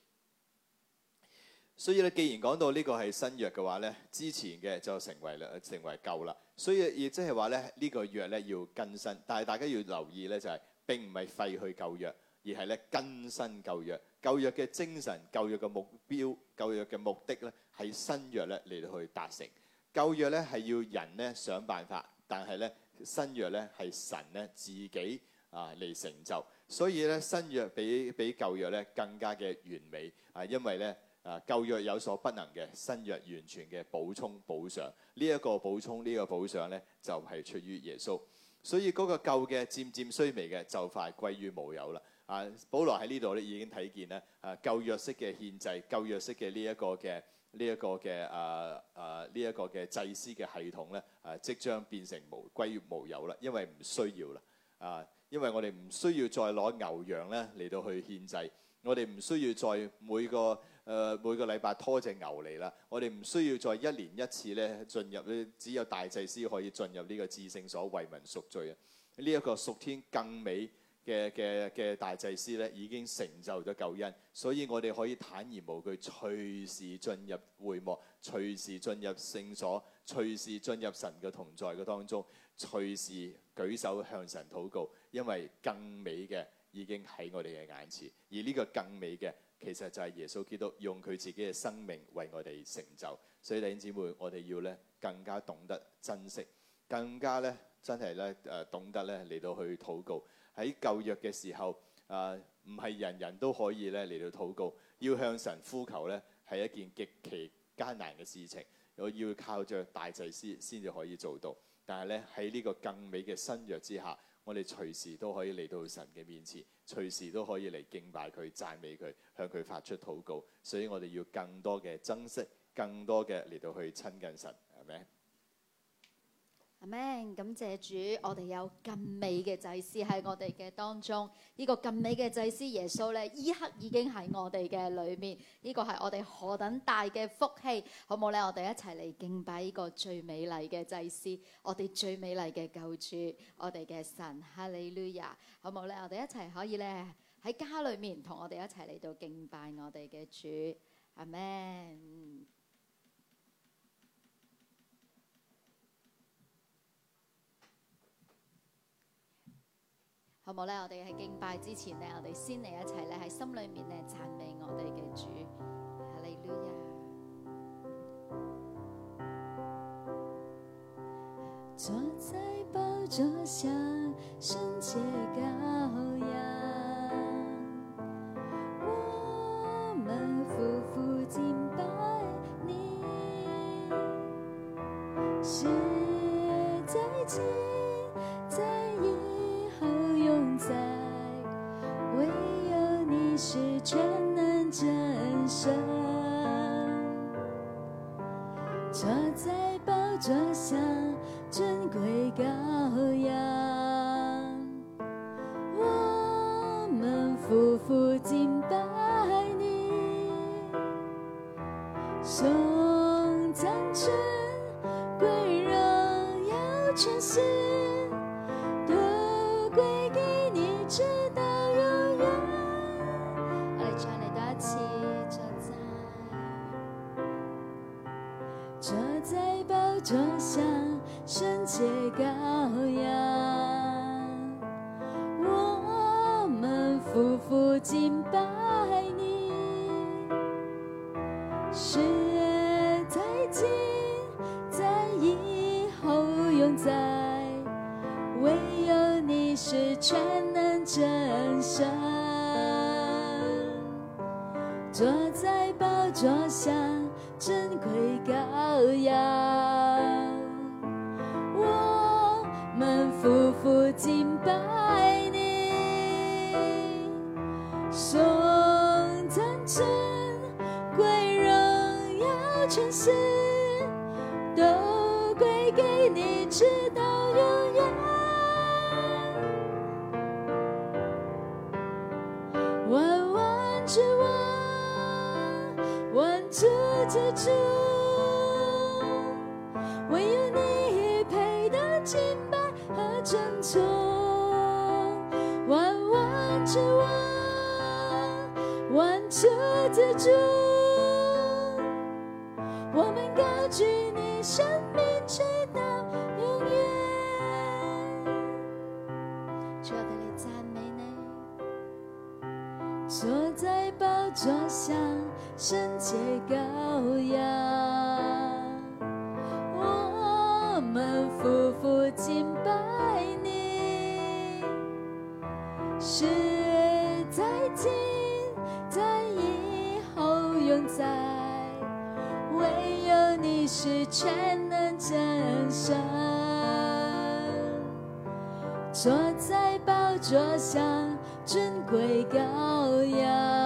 A: 所以咧，既然講到呢個係新約嘅話咧，之前嘅就成為成為舊啦。所以亦即係話咧，呢個約咧要更新，但係大家要留意咧、就是，就係並唔係廢去舊約。而係咧更新舊約，舊約嘅精神、舊約嘅目標、舊約嘅目的咧，係新約咧嚟到去達成。舊約咧係要人咧想辦法，但係咧新約咧係神咧自己啊嚟成就。所以咧新約比比舊約咧更加嘅完美啊，因為咧啊舊約有所不能嘅，新約完全嘅補充補償呢一個補充呢個補償咧就係出於耶穌。所以嗰個舊嘅漸漸衰微嘅就快歸於無有啦。啊，保羅喺呢度咧已經睇見咧，啊舊約式嘅獻祭、舊約式嘅呢一個嘅呢一個嘅啊啊呢一、這個嘅祭司嘅系統咧，啊即將變成無歸於無有啦，因為唔需要啦，啊，因為我哋唔需要再攞牛羊咧嚟到去獻祭，我哋唔需要再每個誒、啊、每個禮拜拖隻牛嚟啦，我哋唔需要再一年一次咧進入咧只有大祭司可以進入呢個至聖所為民贖罪啊，呢、這、一個屬天更美。嘅嘅嘅大祭司咧，已經成就咗救恩，所以我哋可以坦然無懼，隨時進入會幕，隨時進入聖所，隨時進入神嘅同在嘅當中，隨時舉手向神禱告，因為更美嘅已經喺我哋嘅眼前。而呢個更美嘅，其實就係耶穌基督用佢自己嘅生命為我哋成就。所以弟兄姊妹，我哋要咧更加懂得珍惜，更加咧真係咧誒懂得咧嚟到去禱告。喺舊約嘅時候，啊、呃，唔係人人都可以咧嚟到禱告，要向神呼求咧，係一件極其艱難嘅事情，我要靠著大祭司先至可以做到。但係咧喺呢個更美嘅新約之下，我哋隨時都可以嚟到神嘅面前，隨時都可以嚟敬拜佢、讚美佢、向佢發出禱告。所以我哋要更多嘅珍惜，更多嘅嚟到去親近神，係咪？
B: Man，感謝主，我哋有咁美嘅祭司喺我哋嘅當中，呢、這個咁美嘅祭司耶穌咧，依刻已經喺我哋嘅裏面，呢、這個係我哋何等大嘅福氣，好冇咧？我哋一齊嚟敬拜呢個最美麗嘅祭司，我哋最美麗嘅救主，我哋嘅神，哈利路亞，好冇咧？我哋一齊可以咧喺家裏面同我哋一齊嚟到敬拜我哋嘅主，阿門。好唔好咧？我哋喺敬拜之前咧，我哋先嚟一齊咧喺心裏面咧讚美我哋嘅主。阿利路亞。坐在
C: 寶座上，聖潔羔羊。坐在寶座上，尊貴高雅。.聖潔羔羊，我們俯伏敬拜你。昔在今在，以後永在，唯有你是全能真神。坐在寶座上，尊貴羔羊。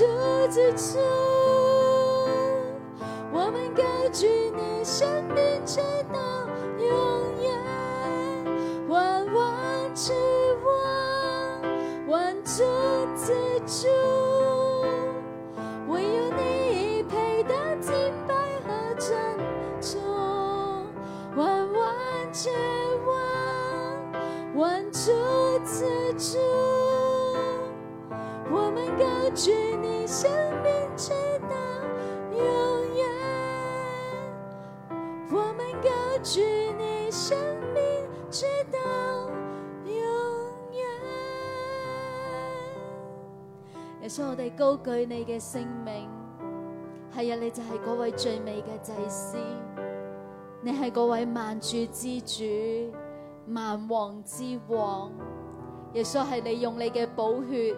C: 萬主之主，我們高舉你生命之道永遠。萬王之王，萬主之主，唯有你配得敬拜和珍重。萬王之王，萬主之主，我們高舉。生命直到永遠，我們高舉你生命直到永遠。
B: 耶穌，我哋高舉你嘅姓名，係啊，你就係嗰位最美嘅祭司，你係嗰位萬主之主、萬王之王。耶穌係你用你嘅寶血。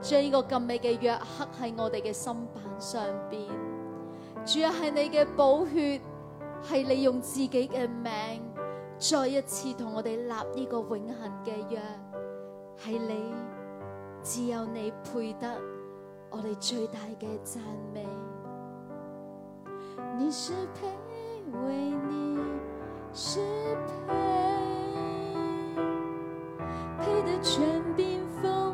B: 將呢個咁美嘅約刻喺我哋嘅心板上邊，主要係你嘅寶血，係你用自己嘅命，再一次同我哋立呢個永恒嘅約，係你，只有你配得我哋最大嘅讚美。
C: 得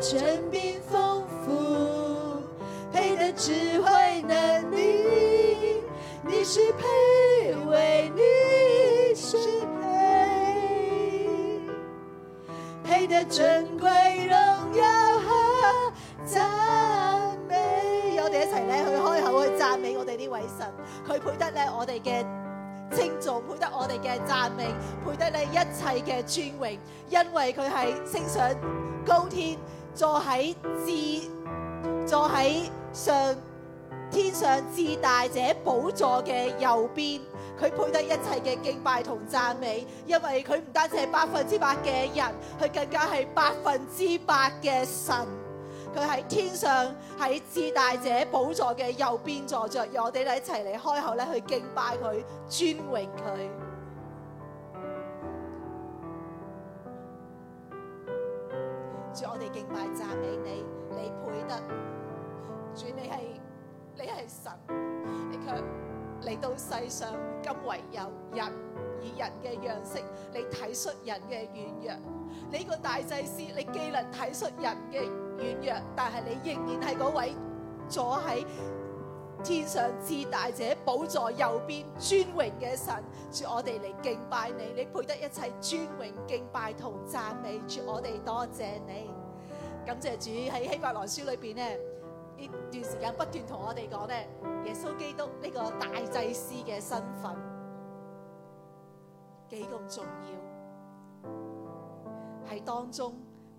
C: 全兵豐富，配得智慧能力，你是配，為你是配，配得尊貴榮
D: 耀和讚美。我哋一齊咧去開口去讚美我哋呢位神，佢配得咧我哋嘅稱頌，配得我哋嘅讚美，配得你一切嘅尊榮，因為佢係升上高天。坐喺至坐喺上天上至大者寶座嘅右邊，佢配得一切嘅敬拜同讚美，因為佢唔單止係百分之百嘅人，佢更加係百分之百嘅神。佢喺天上喺至大者寶座嘅右邊坐着，我哋咧一齊嚟，開口咧去敬拜佢，尊榮佢。主，我哋敬拜讚美你，你配得。主你，你係你係神，你卻嚟到世上，今為有人以人嘅樣式，你體恤人嘅軟弱。你個大祭司，你既能體恤人嘅軟弱，但係你仍然係嗰位坐喺。天上至大者，寶座右邊尊榮嘅神，祝我哋嚟敬拜你。你配得一切尊榮、敬拜同讚美，祝我哋多謝你，感謝主。喺希伯來書裏邊呢呢段時間不斷同我哋講呢耶穌基督呢個大祭司嘅身份幾咁重要，喺當中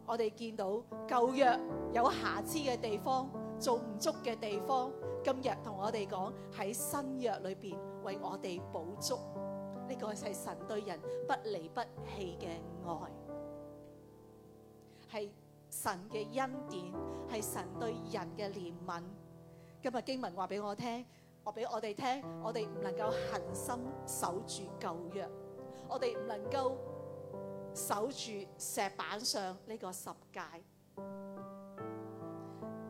D: 我哋見到舊約有瑕疵嘅地方，做唔足嘅地方。今日同我哋講喺新約裏邊為我哋補足，呢個係神對人不離不棄嘅愛，係神嘅恩典，係神對人嘅憐憫。今日經文話俾我聽，話俾我哋聽，我哋唔能夠恒心守住舊約，我哋唔能夠守住石板上呢個十誡。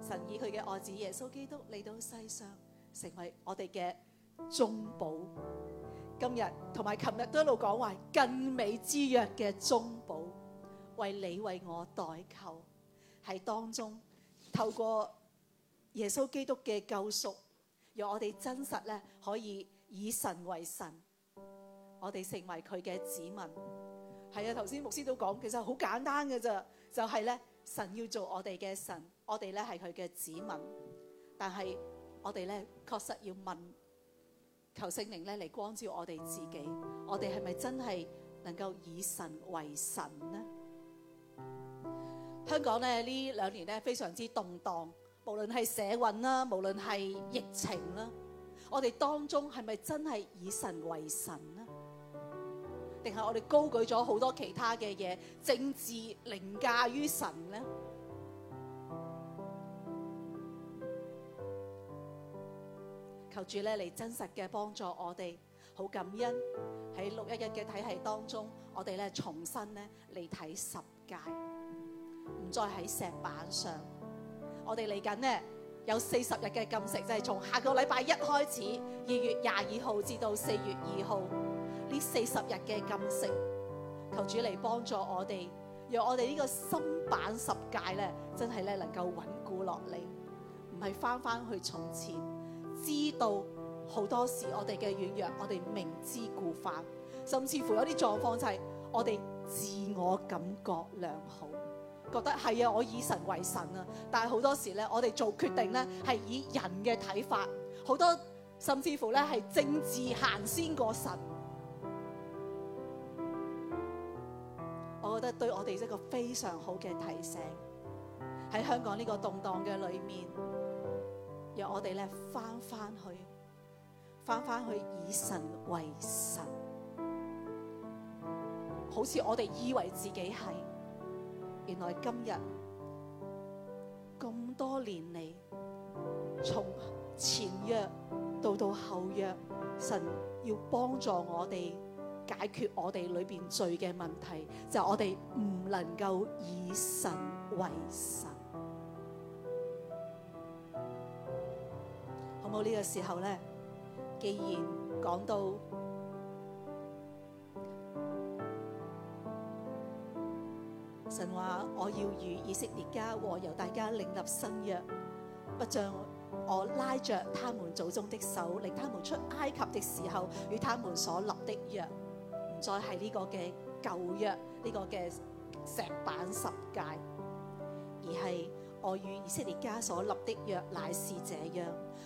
D: 神以佢嘅愛子耶穌基督嚟到世上，成為我哋嘅中保。今日同埋琴日都一路講話更美之約嘅中保，為你為我代求，喺當中透過耶穌基督嘅救贖，讓我哋真實咧可以以神為神，我哋成為佢嘅子民。係啊，頭先牧師都講，其實好簡單㗎咋，就係、是、咧神要做我哋嘅神。我哋咧係佢嘅子民，但係我哋咧確實要問，求聖靈咧嚟光照我哋自己，我哋係咪真係能夠以神為神呢？香港咧呢兩年咧非常之動盪，無論係社運啦，無論係疫情啦，我哋當中係咪真係以神為神呢？定係我哋高舉咗好多其他嘅嘢，政治凌駕於神呢？求主咧嚟真實嘅幫助我哋，好感恩喺六一一嘅體系當中，我哋咧重新咧嚟睇十誡，唔再喺石板上。我哋嚟緊咧有四十日嘅禁食，就係、是、從下個禮拜一開始，二月廿二號至到四月二號呢四十日嘅禁食。求主嚟幫助我哋，讓我哋呢個新版十誡咧真係咧能夠穩固落嚟，唔係返返去從前。知道好多時我哋嘅軟弱，我哋明知故犯，甚至乎有啲狀況就係我哋自我感覺良好，覺得係啊，我以神為神啊。但係好多時咧，我哋做決定咧係以人嘅睇法，好多甚至乎咧係政治行先過神。我覺得對我哋一個非常好嘅提醒，喺香港呢個動盪嘅裏面。讓我哋咧翻翻去，翻翻去以神為神，好似我哋以為自己係，原來今日咁多年嚟，從前約到到後約，神要幫助我哋解決我哋裏邊罪嘅問題，就係、是、我哋唔能夠以神為神。我呢個時候咧，既然講到神話，我要與以色列家和猶大家另立新約，不像我拉着他們祖宗的手，令他們出埃及的時候與他們所立的約，唔再係呢個嘅舊約，呢個嘅石板十誡，而係我與以色列家所立的約，乃是這樣。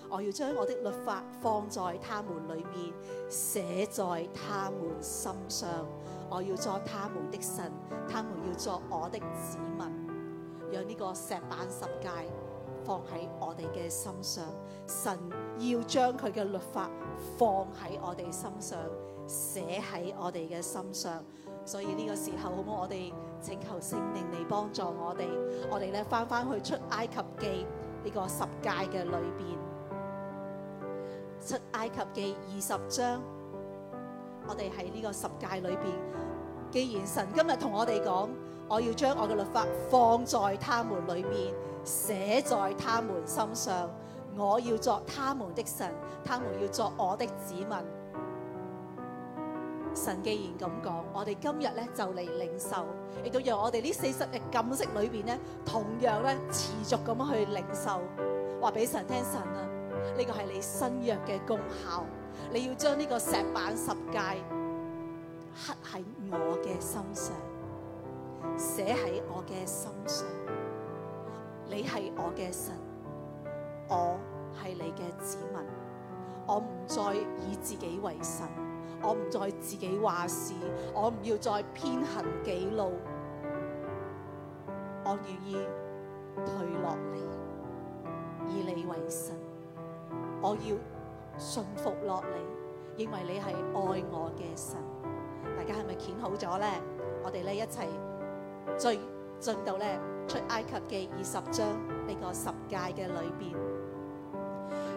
D: 我要將我的律法放在他們裏面，寫在他們心上。我要作他們的神，他們要作我的子民。讓呢個石板十戒放喺我哋嘅心上。神要將佢嘅律法放喺我哋心上，寫喺我哋嘅心上。所以呢個時候，好唔好我哋？我哋請求聖靈嚟幫助我哋。我哋咧翻翻去出埃及記呢、呢個十戒嘅裏邊。出埃及記二十章，我哋喺呢個十誡裏邊，既然神今日同我哋講，我要將我嘅律法放在他們裏面，寫在他們心上，我要作他們的神，他們要作我的子民。神既然咁講，我哋今日咧就嚟領受，亦都讓我哋呢四十日禁食裏邊呢，同樣咧持續咁樣去領受，話俾神聽，神啊！呢個係你新約嘅功效，你要將呢個石板十誡刻喺我嘅心上，寫喺我嘅心上。你係我嘅神，我係你嘅子民。我唔再以自己為神，我唔再自己話事，我唔要再偏行己路。我願意退落嚟，以你為神。我要信服落你，因為你係愛我嘅神。大家係咪掀好咗咧？我哋咧一齊進進到咧出埃及嘅二十章呢、這個十誡嘅裏邊。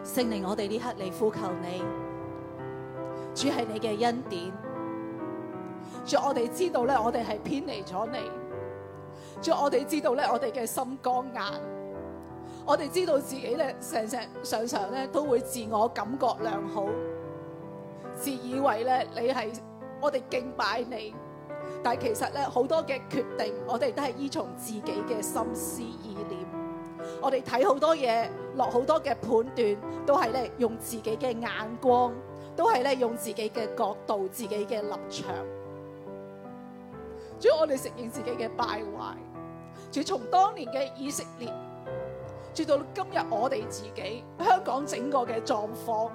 D: 聖靈，我哋呢刻嚟呼求你，主係你嘅恩典。主我，我哋知道咧，我哋係偏離咗你。主我，我哋知道咧，我哋嘅心剛硬。我哋知道自己咧，成成常常咧都會自我感覺良好，自以為咧你係我哋敬拜你，但係其實咧好多嘅決定，我哋都係依從自己嘅心思意念，我哋睇好多嘢，落好多嘅判斷，都係咧用自己嘅眼光，都係咧用自己嘅角度、自己嘅立場。主，我哋承認自己嘅敗壞。主，從當年嘅以色列，至到今日，我哋自己香港整個嘅狀況，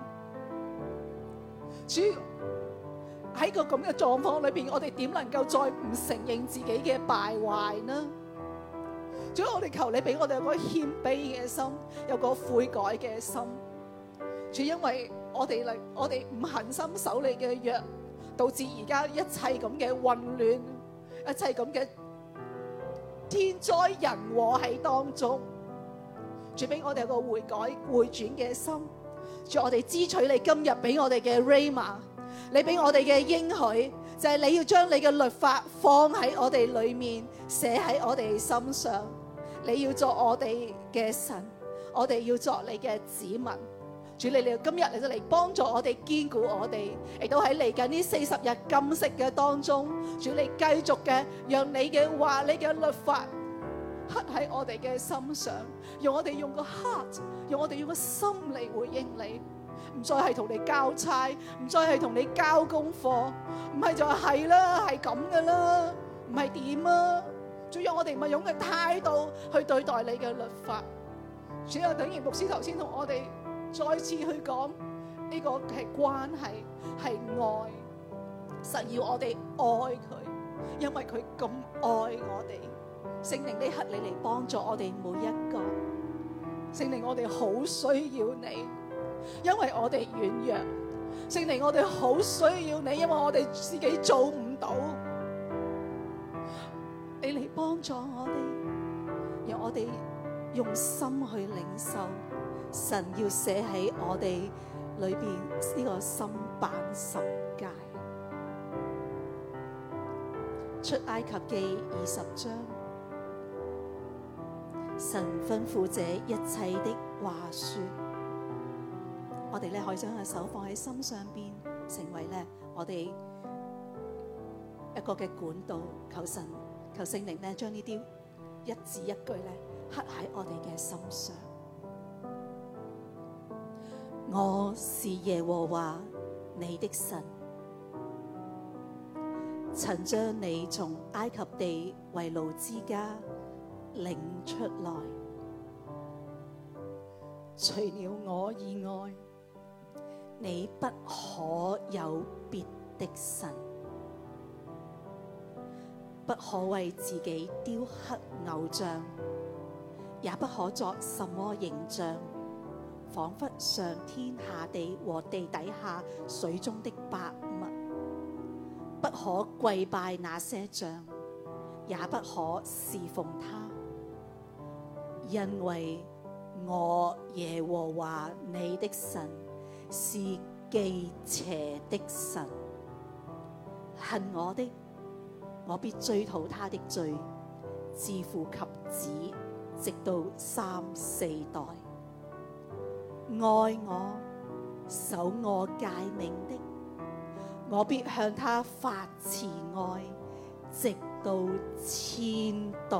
D: 主喺個咁嘅狀況裏邊，我哋點能夠再唔承認自己嘅敗壞呢？主，我哋求你俾我哋有個謙卑嘅心，有個悔改嘅心。主，因為我哋嚟，我哋唔恆心守你嘅約，導致而家一切咁嘅混亂，一切咁嘅天災人禍喺當中。主畀我哋有個悔改、回轉嘅心。主，我哋支取你今日俾我哋嘅 Rhema，你俾我哋嘅應許，就係你要將你嘅律法放喺我哋裏面，寫喺我哋心上。你要作我哋嘅神，我哋要做你嘅子民。主，你了今日嚟到嚟幫助我哋堅固我哋，亦都喺嚟緊呢四十日禁食嘅當中，主，你繼續嘅讓你嘅話，你嘅律法，刻喺我哋嘅心上，用我哋用個 heart，用我哋用個心嚟回應你，唔再係同你交差，唔再係同你交功課，唔係就係啦，係咁噶啦，唔係點啊？仲要我哋唔係用嘅態度去對待你嘅律法，仲要等於牧師頭先同我哋再次去講呢、這個係關係，係愛，實要我哋愛佢，因為佢咁愛我哋。聖靈呢刻你嚟幫助我哋每一個，聖靈我哋好需要你，因為我哋軟弱，聖靈我哋好需要你，因為我哋自己做唔到，你嚟幫助我哋，讓我哋用心去領受神要寫喺我哋裏邊呢個心版十誡，出埃及記二十章。神吩咐這一切的話說，我哋咧可以將個手放喺心上邊，成為咧我哋一個嘅管道。求神，求聖靈呢將呢啲一字一句咧刻喺我哋嘅心上。我是耶和華，你的神，曾將你從埃及地為奴之家。領出來，除了我以外，你不可有別的神，不可為自己雕刻偶像，也不可作什麼形象，仿佛上天下地和地底下水中的百物，不可跪拜那些像，也不可侍奉他。因為我耶和華你的神是忌邪的神，恨我的，我必追討他的罪，自父及子，直到三四代；愛我、守我戒命的，我必向他發慈愛，直到千代。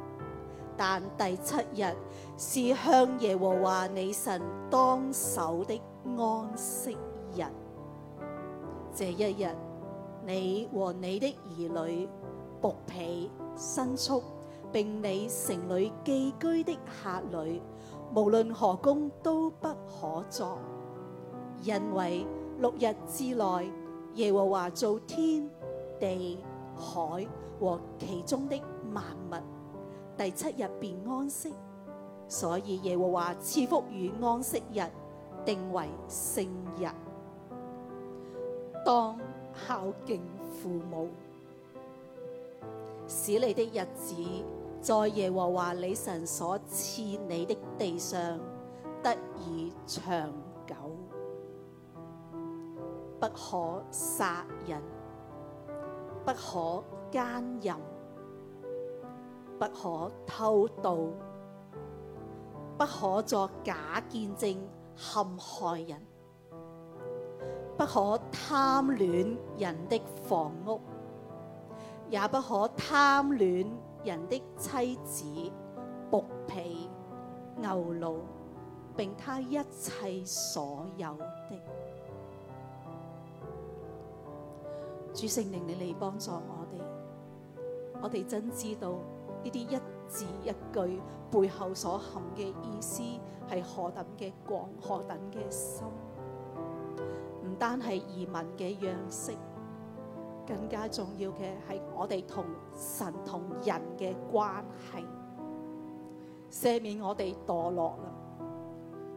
D: 但第七日是向耶和華你神當守的安息日。這一日，你和你的兒女、僕婢、牲畜，並你城裏寄居的客旅，無論何工都不可作，因為六日之內，耶和華造天地海和其中的萬物。第七日便安息，所以耶和華賜福與安息日，定為聖日，當孝敬父母，使你的日子在耶和華你神所賜你的地上得以長久，不可殺人，不可奸淫。不可偷盜，不可作假見證陷害人，不可貪戀人的房屋，也不可貪戀人的妻子、僕婢、牛驢，並他一切所有的。主聖靈，你嚟幫助我哋，我哋真知道。呢啲一字一句背後所含嘅意思係何等嘅廣，何等嘅深。唔單係儀文嘅樣式，更加重要嘅係我哋同神同人嘅關係。赦免我哋墮落啦！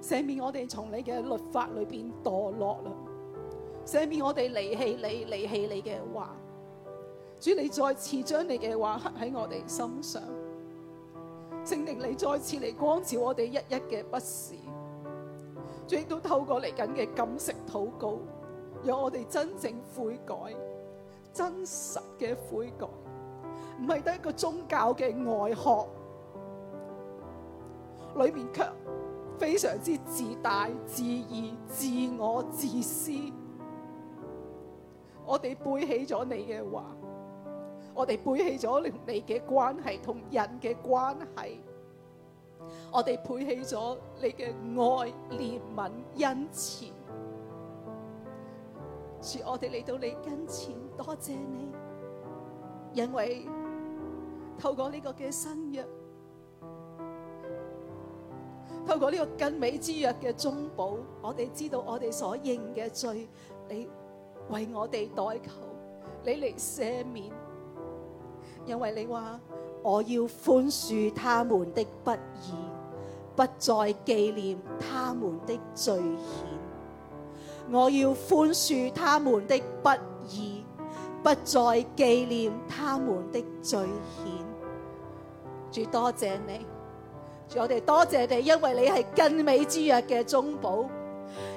D: 赦免我哋從你嘅律法裏邊墮落啦！赦免我哋離棄你，離棄你嘅話。主，你再次將你嘅話刻喺我哋心上，聖靈你再次嚟光照我哋，一一嘅不是，主亦都透過嚟緊嘅禁食禱告，讓我哋真正悔改，真實嘅悔改，唔係得一個宗教嘅外殼，裏面卻非常之自大、自義、自我、自私。我哋背起咗你嘅話。我哋背棄咗你嘅關係，同人嘅關係。我哋背棄咗你嘅愛、憐憫、恩慈。主，我哋嚟到你跟前，多謝你，因為透過呢個嘅新約，透過呢個更美之約嘅中保，我哋知道我哋所認嘅罪，你為我哋代求，你嚟赦免。因為你話，我要寬恕他們的不義，不再紀念他們的罪愆。我要寬恕他們的不義，不再紀念他們的罪愆。主，多謝你，我哋多謝你，因為你係更美之約嘅中保。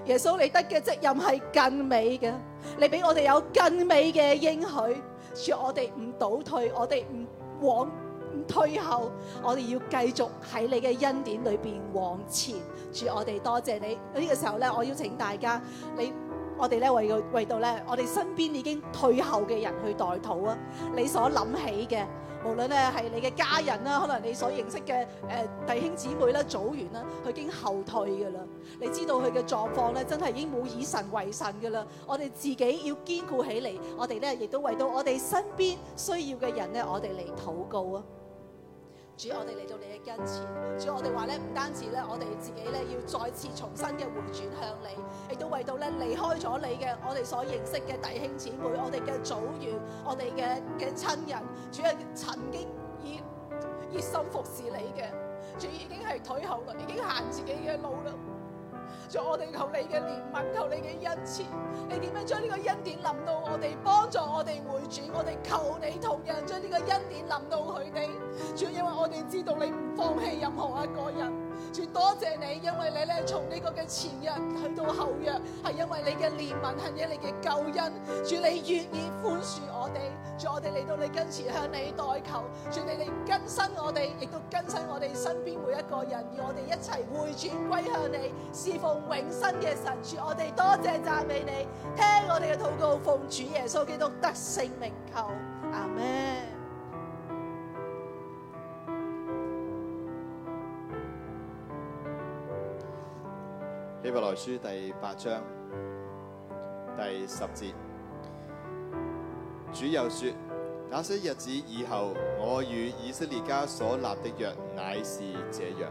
D: 耶穌你得嘅責任係更美嘅，你俾我哋有更美嘅應許。祝我哋唔倒退，我哋唔往唔退後，我哋要繼續喺你嘅恩典裏邊往前。祝我哋多謝，謝你，呢、這個時候咧，我邀請大家，你我哋咧為個為到咧，我哋身邊已經退後嘅人去代禱啊！你所諗起嘅。無論咧係你嘅家人啦，可能你所認識嘅誒弟兄姊妹啦、組員啦，佢已經後退噶啦。你知道佢嘅狀況咧，真係已經冇以神為神噶啦。我哋自己要堅固起嚟，我哋咧亦都為到我哋身邊需要嘅人咧，我哋嚟禱告啊。主，我哋嚟到你嘅跟前，主我，我哋話咧唔單止咧，我哋自己咧要再次重新嘅回轉向你，亦都為到咧離開咗你嘅我哋所認識嘅弟兄姊妹，我哋嘅組員，我哋嘅嘅親人，主係曾經熱熱心服侍你嘅，主已經係退後啦，已經行自己嘅路啦。做我哋求你嘅憐憫，求你嘅恩賜，你點樣將呢個恩典臨到我哋，幫助我哋回轉，我哋求你同樣將呢個恩典臨到佢哋，主要因為我哋知道你唔放棄任何一個人。主多謝你，因為你咧從呢個嘅前約去到後約，係因為你嘅憐憫，係因你嘅救恩。主你願意寬恕我哋，主我哋嚟到你跟前向你代求，主你嚟更新我哋，亦都更新我哋身邊每一個人，而我哋一齊回轉歸向你，侍奉永生嘅神。主我哋多謝讚美你，聽我哋嘅禱告，奉主耶穌基督得勝名求，阿門。
A: 《希伯來書》第八章第十節，主又說：那些日子以後，我與以色列家所立的約乃是這樣，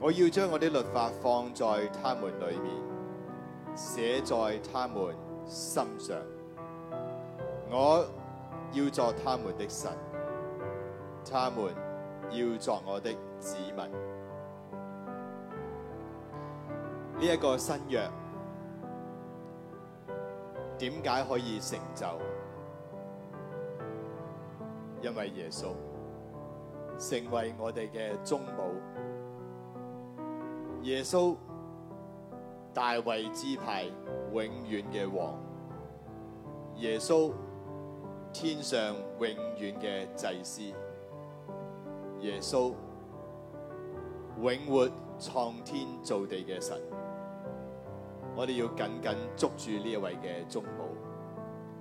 A: 我要將我的律法放在他們裏面，寫在他們心上，我要作他們的神，他們要作我的子民。呢一個新約點解可以成就？因為耶穌成為我哋嘅中保，耶穌大衛支派永遠嘅王，耶穌天上永遠嘅祭司，耶穌永活創天造地嘅神。我哋要緊緊捉住呢一位嘅忠僕，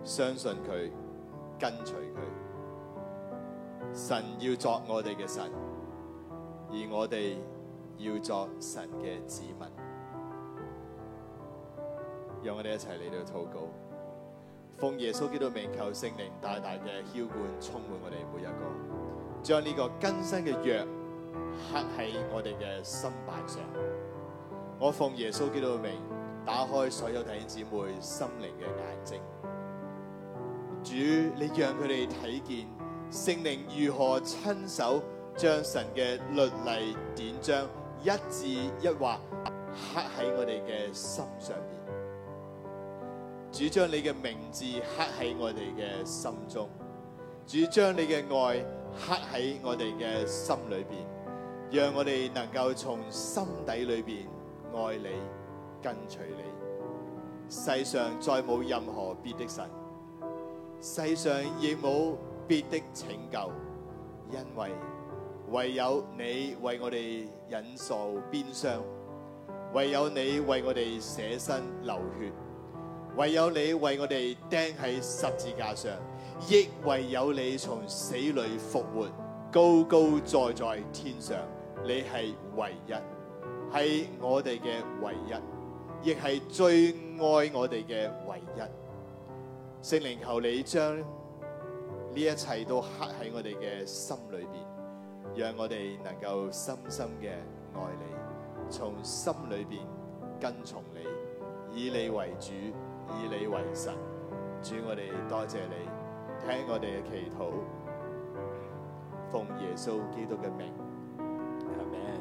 A: 相信佢跟隨佢。神要作我哋嘅神，而我哋要作神嘅子民。讓我哋一齊嚟到禱告，奉耶穌基督嘅名求聖靈大大嘅澆灌充滿我哋每一個，將呢個更新嘅約刻喺我哋嘅心版上。我奉耶穌基督嘅名。打開所有弟兄姊妹心靈嘅眼睛，主，你讓佢哋睇見聖靈如何親手將神嘅律例典章一字一畫刻喺我哋嘅心上面。主，將你嘅名字刻喺我哋嘅心中，主，將你嘅愛刻喺我哋嘅心裏邊，讓我哋能夠從心底裏邊愛你。跟隨你，世上再冇任何別的神，世上亦冇別的拯救，因為唯有你為我哋忍受鞭傷，唯有你為我哋捨身流血，唯有你為我哋釘喺十字架上，亦唯有你從死裏復活，高高坐在，在天上，你係唯一，係我哋嘅唯一。亦係最愛我哋嘅唯一。聖靈，求你將呢一切都刻喺我哋嘅心裏邊，讓我哋能夠深深嘅愛你，從心裏邊跟從你，以你為主，以你為神。主，我哋多謝你，聽我哋嘅祈禱，奉耶穌基督嘅名，阿門。